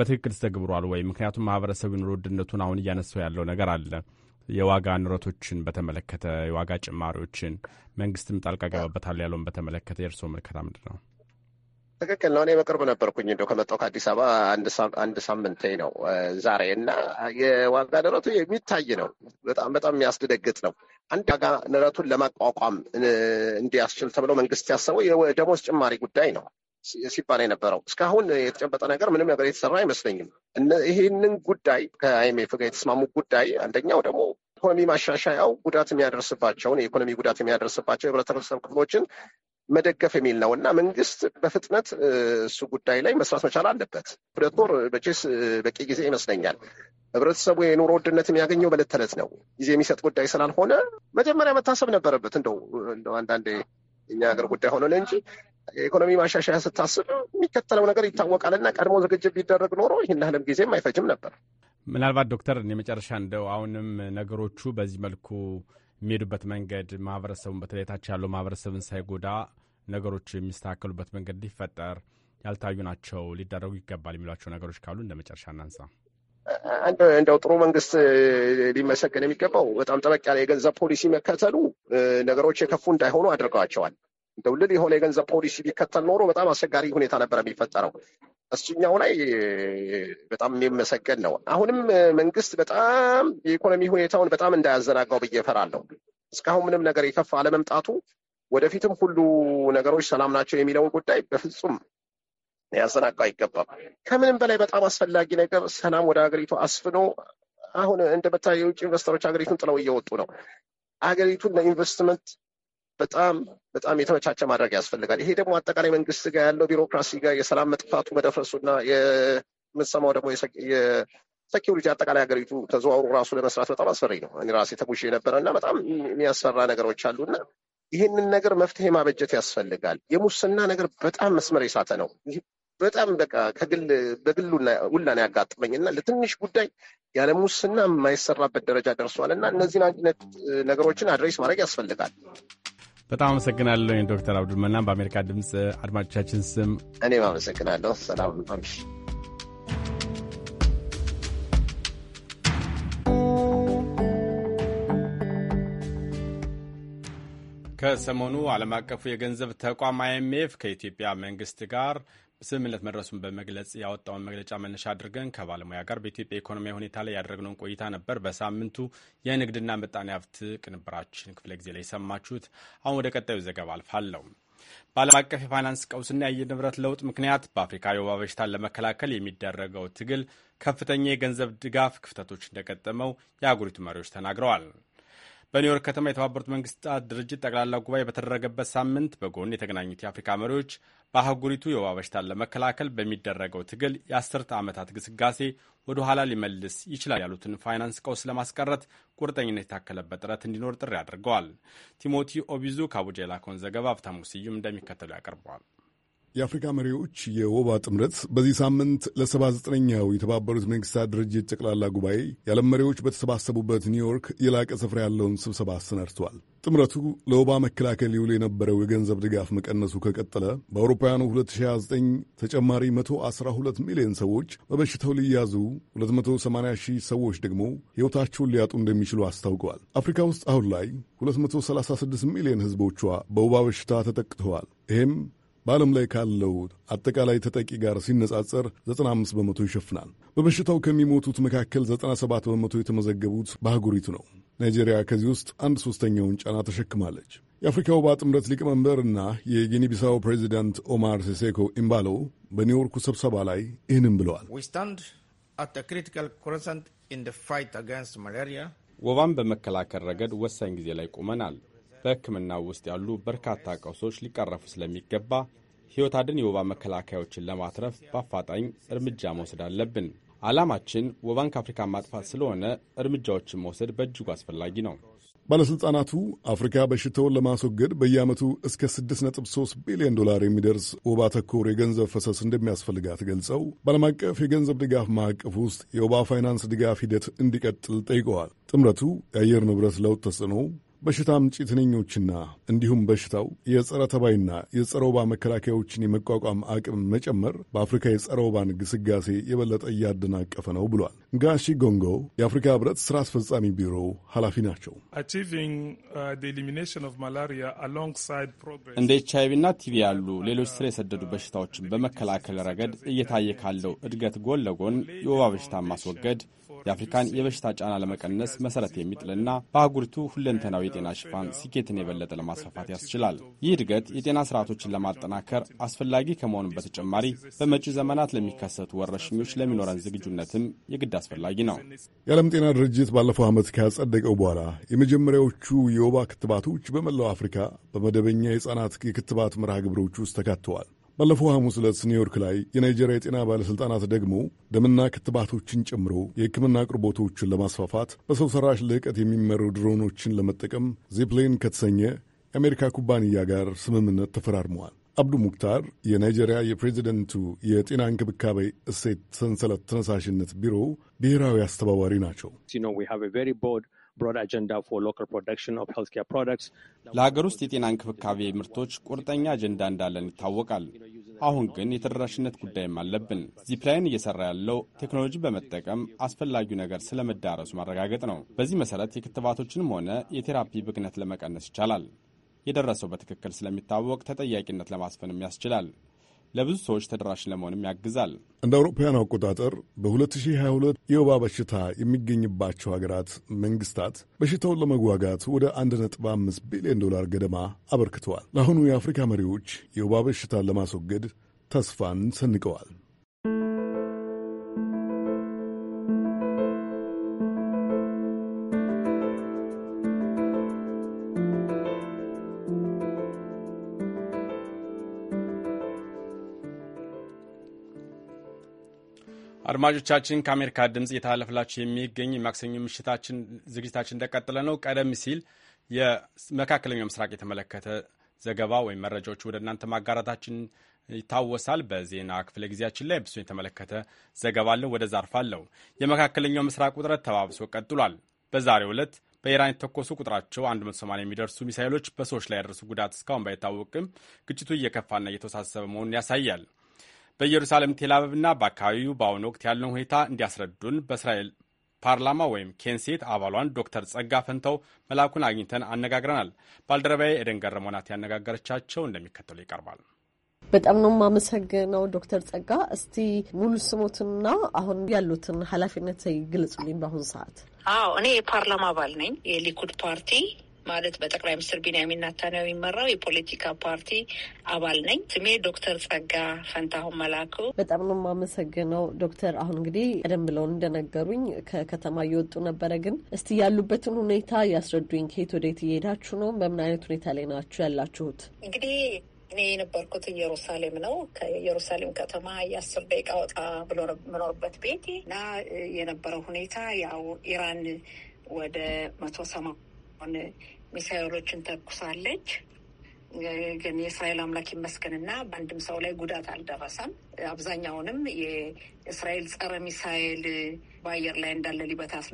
A: በትክክል ተገብሯል ወይ? ምክንያቱም ማህበረሰቡ የኑሮ ውድነቱን አሁን እያነሳው ያለው ነገር አለ የዋጋ ንረቶችን በተመለከተ የዋጋ ጭማሪዎችን መንግስትም ጣልቃ ገባበታል ያለውን በተመለከተ የእርስዎ ምልከታ ምንድን ነው?
N: ትክክል ነው። እኔ በቅርብ ነበርኩኝ እንደው ከመጣሁ ከአዲስ አበባ አንድ ሳምንት ነው ዛሬ እና የዋጋ ንረቱ የሚታይ ነው። በጣም በጣም የሚያስደነግጥ ነው። አንድ ዋጋ ንረቱን ለማቋቋም እንዲያስችል ተብሎ መንግስት ያሰበው የደሞዝ ጭማሪ ጉዳይ ነው ሲባል የነበረው እስካሁን የተጨበጠ ነገር ምንም ነገር የተሰራ አይመስለኝም። ይህንን ጉዳይ ከአይኤምኤፍ ጋር የተስማሙ ጉዳይ አንደኛው ደግሞ ኢኮኖሚ ማሻሻያው ጉዳት የሚያደርስባቸውን የኢኮኖሚ ጉዳት የሚያደርስባቸው የህብረተሰብ ክፍሎችን መደገፍ የሚል ነው እና መንግስት በፍጥነት እሱ ጉዳይ ላይ መስራት መቻል አለበት። ሁለት ወር በቂ ጊዜ ይመስለኛል። ህብረተሰቡ የኑሮ ውድነት የሚያገኘው በዕለት ተዕለት ነው። ጊዜ የሚሰጥ ጉዳይ ስላልሆነ መጀመሪያ መታሰብ ነበረበት። እንደው እንደው አንዳንዴ እኛ ሀገር ጉዳይ ሆነን እንጂ የኢኮኖሚ ማሻሻያ ስታስብ የሚከተለው ነገር ይታወቃልና ቀድሞ ዝግጅት ቢደረግ ኖሮ ይህን ያህልም ጊዜም አይፈጅም ነበር።
A: ምናልባት ዶክተር የመጨረሻ እንደው አሁንም ነገሮቹ በዚህ መልኩ የሚሄዱበት መንገድ ማህበረሰቡን በተለይ ታች ያለው ማህበረሰብን ሳይጎዳ ነገሮች የሚስተካከሉበት መንገድ ሊፈጠር ያልታዩ ናቸው፣ ሊደረጉ ይገባል የሚሏቸው ነገሮች ካሉ እንደ መጨረሻ እናንሳ።
N: እንደው ጥሩ መንግስት ሊመሰገን የሚገባው በጣም ጠበቅ ያለ የገንዘብ ፖሊሲ መከተሉ ነገሮች የከፉ እንዳይሆኑ አድርገዋቸዋል። እንደው ልል የሆነ የገንዘብ ፖሊሲ ቢከተል ኖሮ በጣም አስቸጋሪ ሁኔታ ነበር የሚፈጠረው። እሱኛው ላይ በጣም የሚመሰገን ነው። አሁንም መንግስት በጣም የኢኮኖሚ ሁኔታውን በጣም እንዳያዘናጋው ብዬ እፈራለሁ። እስካሁን ምንም ነገር የከፋ አለመምጣቱ ወደፊትም ሁሉ ነገሮች ሰላም ናቸው የሚለውን ጉዳይ በፍጹም ያዘናጋ አይገባም። ከምንም በላይ በጣም አስፈላጊ ነገር ሰላም ወደ ሀገሪቱ አስፍኖ አሁን እንደምታየው የውጭ ኢንቨስተሮች ሀገሪቱን ጥለው እየወጡ ነው። ሀገሪቱን ለኢንቨስትመንት በጣም በጣም የተመቻቸ ማድረግ ያስፈልጋል። ይሄ ደግሞ አጠቃላይ መንግስት ጋር ያለው ቢሮክራሲ ጋር የሰላም መጥፋቱ መደፍረሱና የምንሰማው ደግሞ ሴኪሪቲ አጠቃላይ ሀገሪቱ ተዘዋውሮ ራሱ ለመስራት በጣም አስፈሪ ነው። እኔ ራሴ ተጉሽ የነበረ እና በጣም የሚያስፈራ ነገሮች አሉ እና ይህንን ነገር መፍትሄ ማበጀት ያስፈልጋል። የሙስና ነገር በጣም መስመር የሳተ ነው። በጣም በቃ ከግል በግል ሁላ ነው ያጋጥመኝ እና ለትንሽ ጉዳይ ያለ ሙስና የማይሰራበት ደረጃ ደርሷል እና እነዚህን አንድነት ነገሮችን አድሬስ ማድረግ ያስፈልጋል።
A: በጣም አመሰግናለሁ ዶክተር አብዱል መናን በአሜሪካ ድምፅ አድማጮቻችን ስም
N: እኔም አመሰግናለሁ። ሰላም
A: ከሰሞኑ ዓለም አቀፉ የገንዘብ ተቋም አይኤምኤፍ ከኢትዮጵያ መንግስት ጋር ስምምነት መድረሱን በመግለጽ ያወጣውን መግለጫ መነሻ አድርገን ከባለሙያ ጋር በኢትዮጵያ ኢኮኖሚ ሁኔታ ላይ ያደረግነውን ቆይታ ነበር። በሳምንቱ የንግድና ምጣኔ ሀብት ቅንብራችን ክፍለ ጊዜ ላይ ሰማችሁት አሁን ወደ ቀጣዩ ዘገባ አልፋለሁ። በዓለም አቀፍ የፋይናንስ ቀውስና የአየር ንብረት ለውጥ ምክንያት በአፍሪካ የወባ በሽታን ለመከላከል የሚደረገው ትግል ከፍተኛ የገንዘብ ድጋፍ ክፍተቶች እንደገጠመው የአጉሪቱ መሪዎች ተናግረዋል። በኒውዮርክ ከተማ የተባበሩት መንግስታት ድርጅት ጠቅላላ ጉባኤ በተደረገበት ሳምንት በጎን የተገናኙት የአፍሪካ መሪዎች በአህጉሪቱ የወባ በሽታን ለመከላከል በሚደረገው ትግል የአስርተ ዓመታት ግስጋሴ ወደ ኋላ ሊመልስ ይችላል ያሉትን ፋይናንስ ቀውስ ለማስቀረት ቁርጠኝነት የታከለበት ጥረት እንዲኖር ጥሪ አድርገዋል። ቲሞቲ ኦቢዙ ከአቡጃ የላከውን ዘገባ ሀብታሙ ስዩም እንደሚከተሉ ያቀርበዋል።
K: የአፍሪካ መሪዎች የወባ ጥምረት በዚህ ሳምንት ለ79ኛው የተባበሩት መንግስታት ድርጅት ጠቅላላ ጉባኤ የዓለም መሪዎች በተሰባሰቡበት ኒውዮርክ የላቀ ስፍራ ያለውን ስብሰባ አሰናድቷል። ጥምረቱ ለወባ መከላከል ይውል የነበረው የገንዘብ ድጋፍ መቀነሱ ከቀጠለ በአውሮፓውያኑ 2029 ተጨማሪ 112 ሚሊዮን ሰዎች በበሽታው ሊያዙ 280 ሺህ ሰዎች ደግሞ ሕይወታቸውን ሊያጡ እንደሚችሉ አስታውቀዋል። አፍሪካ ውስጥ አሁን ላይ 236 ሚሊዮን ሕዝቦቿ በወባ በሽታ ተጠቅተዋል። ይህም በዓለም ላይ ካለው አጠቃላይ ተጠቂ ጋር ሲነጻጸር 95 በመቶ ይሸፍናል። በበሽታው ከሚሞቱት መካከል 97 በመቶ የተመዘገቡት በአህጉሪቱ ነው። ናይጄሪያ ከዚህ ውስጥ አንድ ሶስተኛውን ጫና ተሸክማለች። የአፍሪካ ወባ ጥምረት ሊቀመንበርና የጊኒ ቢሳው ፕሬዚዳንት ኦማር ሴሴኮ ኢምባሎ በኒውዮርኩ ስብሰባ ላይ ይህንም ብለዋል።
A: ወባን በመከላከል ረገድ ወሳኝ ጊዜ ላይ ቆመናል። በህክምና ውስጥ ያሉ በርካታ ቀውሶች ሊቀረፉ ስለሚገባ ሕይወት አድን የወባ መከላከያዎችን ለማትረፍ በአፋጣኝ እርምጃ መውሰድ አለብን። ዓላማችን ወባን ከአፍሪካ ማጥፋት ስለሆነ እርምጃዎችን መውሰድ በእጅጉ አስፈላጊ ነው።
K: ባለሥልጣናቱ አፍሪካ በሽታውን ለማስወገድ በየዓመቱ እስከ 6.3 ቢሊዮን ዶላር የሚደርስ ወባ ተኮር የገንዘብ ፈሰስ እንደሚያስፈልጋት ገልጸው በዓለም አቀፍ የገንዘብ ድጋፍ ማዕቀፍ ውስጥ የወባ ፋይናንስ ድጋፍ ሂደት እንዲቀጥል ጠይቀዋል። ጥምረቱ የአየር ንብረት ለውጥ ተጽዕኖ በሽታ አምጪ ትንኞችና እንዲሁም በሽታው የጸረ ተባይና የጸረ ወባ መከላከያዎችን የመቋቋም አቅም መጨመር በአፍሪካ የጸረ ወባን ግስጋሴ የበለጠ እያደናቀፈ ነው ብሏል። ጋሺ ጎንጎ የአፍሪካ ህብረት ስራ አስፈጻሚ ቢሮ ኃላፊ ናቸው። uh, እንደ
A: ኤች አይቪ እና ቲቪ ያሉ ሌሎች ስር የሰደዱ በሽታዎችን በመከላከል ረገድ እየታየ ካለው እድገት ጎን ለጎን የወባ በሽታን ማስወገድ የአፍሪካን የበሽታ ጫና ለመቀነስ መሰረት የሚጥልና በአህጉሪቱ ሁለንተናዊ የጤና ሽፋን ስኬትን የበለጠ ለማስፋፋት ያስችላል። ይህ እድገት የጤና ስርዓቶችን ለማጠናከር አስፈላጊ ከመሆኑ በተጨማሪ በመጪ ዘመናት ለሚከሰቱ ወረርሽኞች ለሚኖረን ዝግጁነትም የግድ አስፈላጊ ነው።
K: የዓለም ጤና ድርጅት ባለፈው ዓመት ካጸደቀው በኋላ የመጀመሪያዎቹ የወባ ክትባቶች በመላው አፍሪካ በመደበኛ የህፃናት የክትባት መርሃ ግብሮች ውስጥ ተካተዋል። ባለፈው ሐሙስ ዕለት ኒውዮርክ ላይ የናይጄሪያ የጤና ባለሥልጣናት ደግሞ ደምና ክትባቶችን ጨምሮ የሕክምና አቅርቦቶችን ለማስፋፋት በሰው ሠራሽ ልዕቀት የሚመሩ ድሮኖችን ለመጠቀም ዚፕሌን ከተሰኘ የአሜሪካ ኩባንያ ጋር ስምምነት ተፈራርመዋል። አብዱ ሙክታር የናይጄሪያ የፕሬዚደንቱ የጤና እንክብካቤ እሴት ሰንሰለት ተነሳሽነት ቢሮ ብሔራዊ አስተባባሪ ናቸው።
A: ለሀገር ውስጥ የጤና እንክብካቤ ምርቶች ቁርጠኛ አጀንዳ እንዳለን ይታወቃል። አሁን ግን የተደራሽነት ጉዳይም አለብን። ዚፕላይን እየሰራ ያለው ቴክኖሎጂ በመጠቀም አስፈላጊው ነገር ስለመዳረሱ ማረጋገጥ ነው። በዚህ መሰረት የክትባቶችንም ሆነ የቴራፒ ብክነት ለመቀነስ ይቻላል። የደረሰው በትክክል ስለሚታወቅ ተጠያቂነት ለማስፈንም ያስችላል። ለብዙ ሰዎች ተደራሽ ለመሆንም ያግዛል።
K: እንደ አውሮፓውያን አቆጣጠር በ2022 የወባ በሽታ የሚገኝባቸው ሀገራት መንግስታት በሽታውን ለመዋጋት ወደ 1.5 ቢሊዮን ዶላር ገደማ አበርክተዋል። ለአሁኑ የአፍሪካ መሪዎች የወባ በሽታን ለማስወገድ ተስፋን ሰንቀዋል።
A: አድማጮቻችን ከአሜሪካ ድምፅ እየተላለፈላችሁ የሚገኝ የማክሰኞ ምሽታችን ዝግጅታችን እንደቀጠለ ነው። ቀደም ሲል የመካከለኛው ምስራቅ የተመለከተ ዘገባ ወይም መረጃዎች ወደ እናንተ ማጋራታችን ይታወሳል። በዜና ክፍለ ጊዜያችን ላይ ብሱን የተመለከተ ዘገባ አለው። ወደ ዛርፍ አለው። የመካከለኛው ምስራቅ ውጥረት ተባብሶ ቀጥሏል። በዛሬው ዕለት በኢራን የተኮሱ ቁጥራቸው 180 የሚደርሱ ሚሳይሎች በሰዎች ላይ ያደረሱ ጉዳት እስካሁን ባይታወቅም ግጭቱ እየከፋና እየተወሳሰበ መሆኑን ያሳያል። በኢየሩሳሌም ቴልአቪቭና በአካባቢው በአሁኑ ወቅት ያለውን ሁኔታ እንዲያስረዱን በእስራኤል ፓርላማ ወይም ኬንሴት አባሏን ዶክተር ጸጋ ፈንተው መላኩን አግኝተን አነጋግረናል። ባልደረባዬ ኤደን ገረመው ያነጋገረቻቸው፣ እንደሚከተሉ ይቀርባል።
E: በጣም ነው የማመሰግነው ዶክተር ጸጋ። እስቲ ሙሉ ስሞትና አሁን ያሉትን ኃላፊነት ይግለጹልኝ። በአሁኑ ሰዓት
O: አዎ፣ እኔ የፓርላማ አባል ነኝ። የሊኩድ ፓርቲ ማለት በጠቅላይ ሚኒስትር ቢንያሚን ናታንያሁ የሚመራው የፖለቲካ ፓርቲ አባል ነኝ። ስሜ ዶክተር ጸጋ ፈንታሁን መላኩ። በጣም
E: ነው የማመሰግነው ዶክተር። አሁን እንግዲህ ቀደም ብለውን እንደነገሩኝ ከከተማ እየወጡ ነበረ፣ ግን እስቲ ያሉበትን ሁኔታ ያስረዱኝ። ከየት ወዴት እየሄዳችሁ ነው? በምን አይነት ሁኔታ ላይ ናችሁ ያላችሁት?
O: እንግዲህ እኔ የነበርኩት ኢየሩሳሌም ነው። ከኢየሩሳሌም ከተማ የአስር ደቂቃ ወጣ ብሎ የምኖርበት ቤቴ እና የነበረው ሁኔታ ያው ኢራን ወደ መቶ ሰማንያ ሚሳኤሎችን ተኩሳለች። ግን የእስራኤል አምላክ ይመስገንና በአንድም ሰው ላይ ጉዳት አልደረሰም። አብዛኛውንም የእስራኤል ጸረ ሚሳኤል በአየር ላይ እንዳለ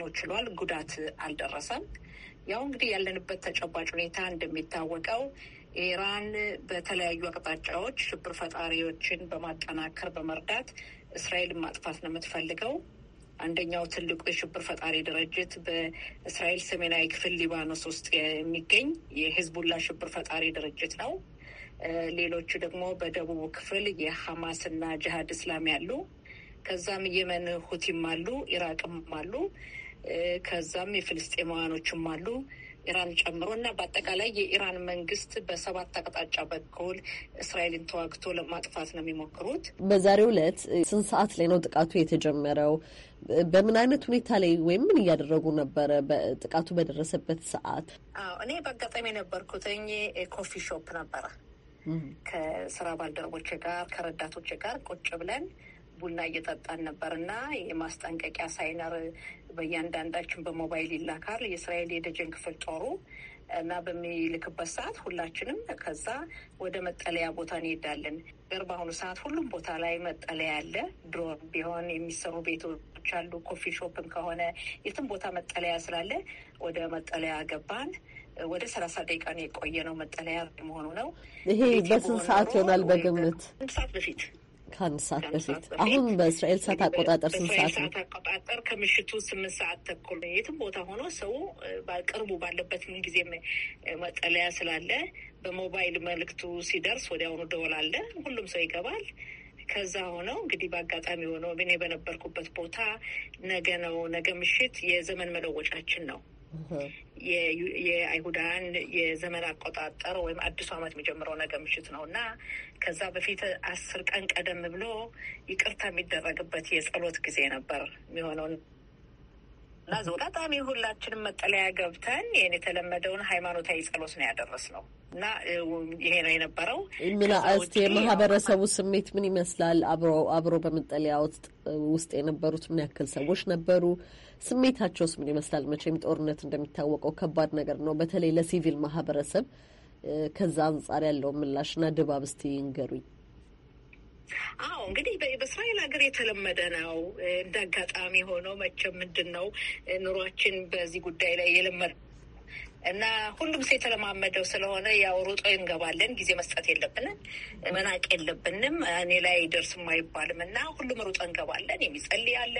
O: ነው ችሏል። ጉዳት አልደረሰም። ያው እንግዲህ ያለንበት ተጨባጭ ሁኔታ እንደሚታወቀው ኢራን በተለያዩ አቅጣጫዎች ሽብር ፈጣሪዎችን በማጠናከር በመርዳት እስራኤልን ማጥፋት ነው የምትፈልገው። አንደኛው ትልቁ የሽብር ፈጣሪ ድርጅት በእስራኤል ሰሜናዊ ክፍል ሊባኖስ ውስጥ የሚገኝ የሂዝቡላ ሽብር ፈጣሪ ድርጅት ነው። ሌሎቹ ደግሞ በደቡቡ ክፍል የሐማስና ጅሃድ እስላም ያሉ፣ ከዛም የመን ሁቲም አሉ፣ ኢራቅም አሉ፣ ከዛም የፍልስጤማውያኖችም አሉ። ኢራን ጨምሮ እና በአጠቃላይ የኢራን መንግስት በሰባት አቅጣጫ በኩል እስራኤልን ተዋግቶ ለማጥፋት ነው የሚሞክሩት።
E: በዛሬው ዕለት ስንት ሰዓት ላይ ነው ጥቃቱ የተጀመረው? በምን አይነት ሁኔታ ላይ ወይም ምን እያደረጉ ነበረ? ጥቃቱ በደረሰበት ሰዓት
O: እኔ በአጋጣሚ የነበርኩትኝ ኮፊ ሾፕ ነበረ ከስራ ባልደረቦች ጋር ከረዳቶች ጋር ቁጭ ብለን ቡና እየጠጣን ነበር እና የማስጠንቀቂያ ሳይነር በእያንዳንዳችን በሞባይል ይላካል። የእስራኤል የደጀን ክፍል ጦሩ እና በሚልክበት ሰዓት ሁላችንም ከዛ ወደ መጠለያ ቦታ እንሄዳለን። ገር በአሁኑ ሰዓት ሁሉም ቦታ ላይ መጠለያ አለ። ድሮ ቢሆን የሚሰሩ ቤቶች አሉ። ኮፊ ሾፕም ከሆነ የትም ቦታ መጠለያ ስላለ ወደ መጠለያ ገባን። ወደ ሰላሳ ደቂቃ ነው የቆየ ነው መጠለያ መሆኑ ነው። ይሄ በስንት ሰዓት ይሆናል በግምት? ሰዓት በፊት
E: ከአንድ ሰዓት በፊት አሁን በእስራኤል ሰዓት አቆጣጠር ስንት ሰዓት ነው?
O: አቆጣጠር ከምሽቱ ስምንት ሰዓት ተኩል የትም ቦታ ሆኖ ሰው በቅርቡ ባለበት ምን ጊዜም መጠለያ ስላለ በሞባይል መልእክቱ ሲደርስ ወዲያውኑ ደወል አለ። ሁሉም ሰው ይገባል። ከዛ ሆነው እንግዲህ በአጋጣሚ ሆነው እኔ በነበርኩበት ቦታ ነገ ነው ነገ ምሽት የዘመን መለወጫችን ነው የአይሁዳን የዘመን አቆጣጠር ወይም አዲሱ ዓመት የሚጀምረው ነገ ምሽት ነው እና ከዛ በፊት አስር ቀን ቀደም ብሎ ይቅርታ የሚደረግበት የጸሎት ጊዜ ነበር የሚሆነውን እና በጣም የሁላችንም መጠለያ ገብተን ይህን የተለመደውን ሃይማኖታዊ ጸሎት ነው ያደረስ ነው እና ይሄ ነው የነበረው። ምና እስቲ
E: የማህበረሰቡ ስሜት ምን ይመስላል? አብሮ አብሮ በመጠለያ ውስጥ የነበሩት ምን ያክል ሰዎች ነበሩ? ስሜታቸውስ ምን ይመስላል? መቼም ጦርነት እንደሚታወቀው ከባድ ነገር ነው፣ በተለይ ለሲቪል ማህበረሰብ። ከዛ አንጻር ያለው ምላሽና ድባብ እስቲ ይንገሩኝ።
O: አዎ እንግዲህ በእስራኤል ሀገር የተለመደ ነው። እንደ አጋጣሚ ሆኖ መቼም ምንድን ነው ኑሯችን በዚህ ጉዳይ ላይ የለመደ እና ሁሉም ሰው የተለማመደው ስለሆነ ያው ሩጦ እንገባለን። ጊዜ መስጠት የለብንም፣ መናቅ የለብንም። እኔ ላይ ደርስም አይባልም እና ሁሉም ሩጦ እንገባለን። የሚጸልይ አለ፣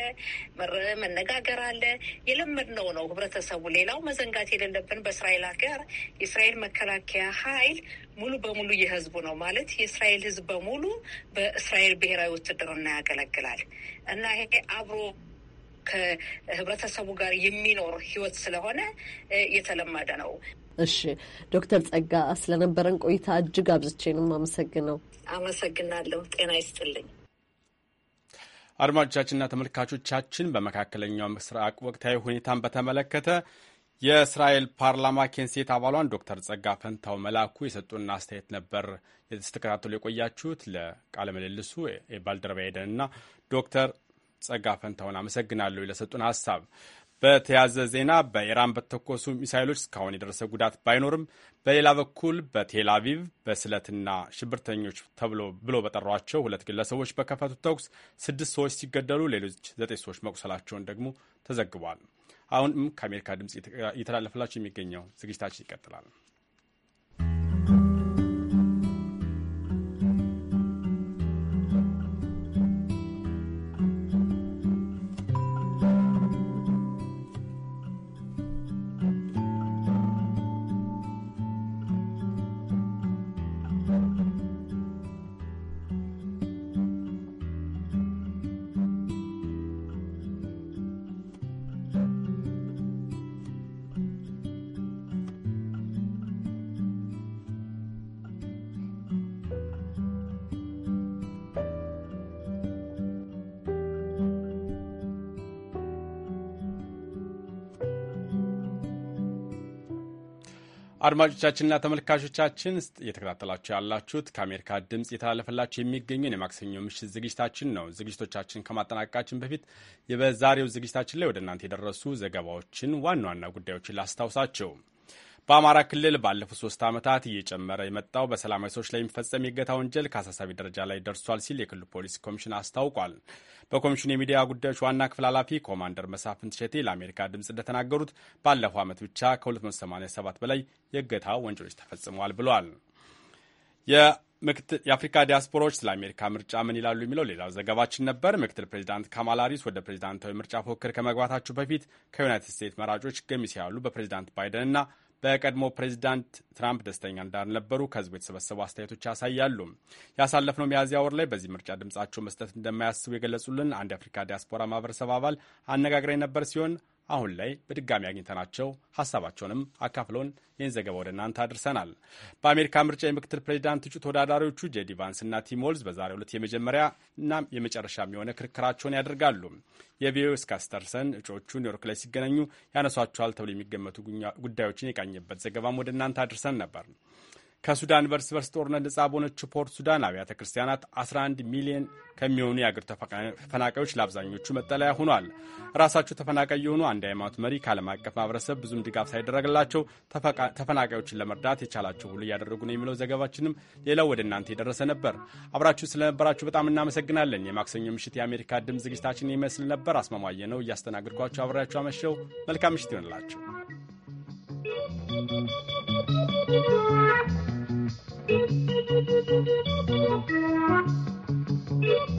O: መነጋገር አለ። የለመድነው ነው ህብረተሰቡ። ሌላው መዘንጋት የሌለብን በእስራኤል ሀገር የእስራኤል መከላከያ ኃይል ሙሉ በሙሉ የህዝቡ ነው ማለት የእስራኤል ህዝብ በሙሉ በእስራኤል ብሔራዊ ውትድርና ያገለግላል እና ይሄ አብሮ ከህብረተሰቡ ጋር የሚኖር ህይወት ስለሆነ የተለመደ ነው።
E: እሺ ዶክተር ጸጋ ስለነበረን ቆይታ እጅግ አብዝቼ ነው የማመሰግነው።
O: አመሰግናለሁ። ጤና ይስጥልኝ።
A: አድማጮቻችንና ተመልካቾቻችን በመካከለኛው ምስራቅ ወቅታዊ ሁኔታን በተመለከተ የእስራኤል ፓርላማ ኬንሴት አባሏን ዶክተር ጸጋ ፈንታው መላኩ የሰጡና አስተያየት ነበር ስትከታተሉ የቆያችሁት። ለቃለ ምልልሱ ባልደረባ ሄደንና ዶክተር ጸጋ ፈንታውን አመሰግናለሁ ለሰጡን ሀሳብ። በተያዘ ዜና በኢራን በተኮሱ ሚሳይሎች እስካሁን የደረሰ ጉዳት ባይኖርም በሌላ በኩል በቴል አቪቭ በስለትና ሽብርተኞች ተብሎ ብሎ በጠሯቸው ሁለት ግለሰቦች በከፈቱት ተኩስ ስድስት ሰዎች ሲገደሉ ሌሎች ዘጠኝ ሰዎች መቁሰላቸውን ደግሞ ተዘግቧል። አሁንም ከአሜሪካ ድምፅ እየተላለፈላቸው የሚገኘው ዝግጅታችን ይቀጥላል። አድማጮቻችንና ተመልካቾቻችን እየተከታተላችሁ ያላችሁት ከአሜሪካ ድምፅ እየተላለፈላችሁ የሚገኘውን የማክሰኞ ምሽት ዝግጅታችን ነው። ዝግጅቶቻችን ከማጠናቀቃችን በፊት በዛሬው ዝግጅታችን ላይ ወደ እናንተ የደረሱ ዘገባዎችን ዋና ዋና ጉዳዮችን ላስታውሳቸው። በአማራ ክልል ባለፉት ሶስት ዓመታት እየጨመረ የመጣው በሰላማዊ ሰዎች ላይ የሚፈጸም የእገታ ወንጀል ከአሳሳቢ ደረጃ ላይ ደርሷል ሲል የክልሉ ፖሊስ ኮሚሽን አስታውቋል። በኮሚሽኑ የሚዲያ ጉዳዮች ዋና ክፍል ኃላፊ ኮማንደር መሳፍንት ሸቴ ለአሜሪካ ድምፅ እንደተናገሩት ባለፈው ዓመት ብቻ ከ287 በላይ የእገታ ወንጀሎች ተፈጽመዋል ብሏል። የአፍሪካ ዲያስፖራዎች ስለ አሜሪካ ምርጫ ምን ይላሉ የሚለው ሌላው ዘገባችን ነበር። ምክትል ፕሬዚዳንት ካማላ ሃሪስ ወደ ፕሬዚዳንታዊ ምርጫ ፉክክር ከመግባታችሁ በፊት ከዩናይትድ ስቴትስ መራጮች ገሚስ ያሉ በፕሬዚዳንት ባይደንና በቀድሞ ፕሬዚዳንት ትራምፕ ደስተኛ እንዳልነበሩ ከህዝቡ የተሰበሰቡ አስተያየቶች ያሳያሉ። ያሳለፍነው ሚያዝያ ወር ላይ በዚህ ምርጫ ድምጻቸው መስጠት እንደማያስቡ የገለጹልን አንድ የአፍሪካ ዲያስፖራ ማህበረሰብ አባል አነጋግረኝ ነበር ሲሆን አሁን ላይ በድጋሚ አግኝተናቸው ሀሳባቸውንም አካፍለውን ይህን ዘገባ ወደ እናንተ አድርሰናል። በአሜሪካ ምርጫ የምክትል ፕሬዚዳንት እጩ ተወዳዳሪዎቹ ጄዲ ቫንስና ቲም ሞልዝ በዛሬ ሁለት የመጀመሪያ እና የመጨረሻ የሆነ ክርክራቸውን ያደርጋሉ። የቪኦኤ ስካስተርሰን እጩዎቹ ኒውዮርክ ላይ ሲገናኙ ያነሷቸዋል ተብሎ የሚገመቱ ጉዳዮችን የቃኘበት ዘገባም ወደ እናንተ አድርሰን ነበር። ከሱዳን በርስ በርስ ጦርነት ነጻ በሆነችው ፖርት ሱዳን አብያተ ክርስቲያናት 11 ሚሊዮን ከሚሆኑ የአገር ተፈናቃዮች ለአብዛኞቹ መጠለያ ሆኗል። ራሳቸው ተፈናቃይ የሆኑ አንድ ሃይማኖት መሪ ከዓለም አቀፍ ማህበረሰብ ብዙም ድጋፍ ሳይደረግላቸው ተፈናቃዮችን ለመርዳት የቻላቸው ሁሉ እያደረጉ ነው የሚለው ዘገባችንም ሌላው ወደ እናንተ የደረሰ ነበር። አብራችሁ ስለነበራችሁ በጣም እናመሰግናለን። የማክሰኞ ምሽት የአሜሪካ ድምፅ ዝግጅታችን ይመስል ነበር። አስማማየ ነው እያስተናግድኳቸው አብሬያችሁ አመሸው። መልካም ምሽት ይሆንላችሁ።
C: Thank you.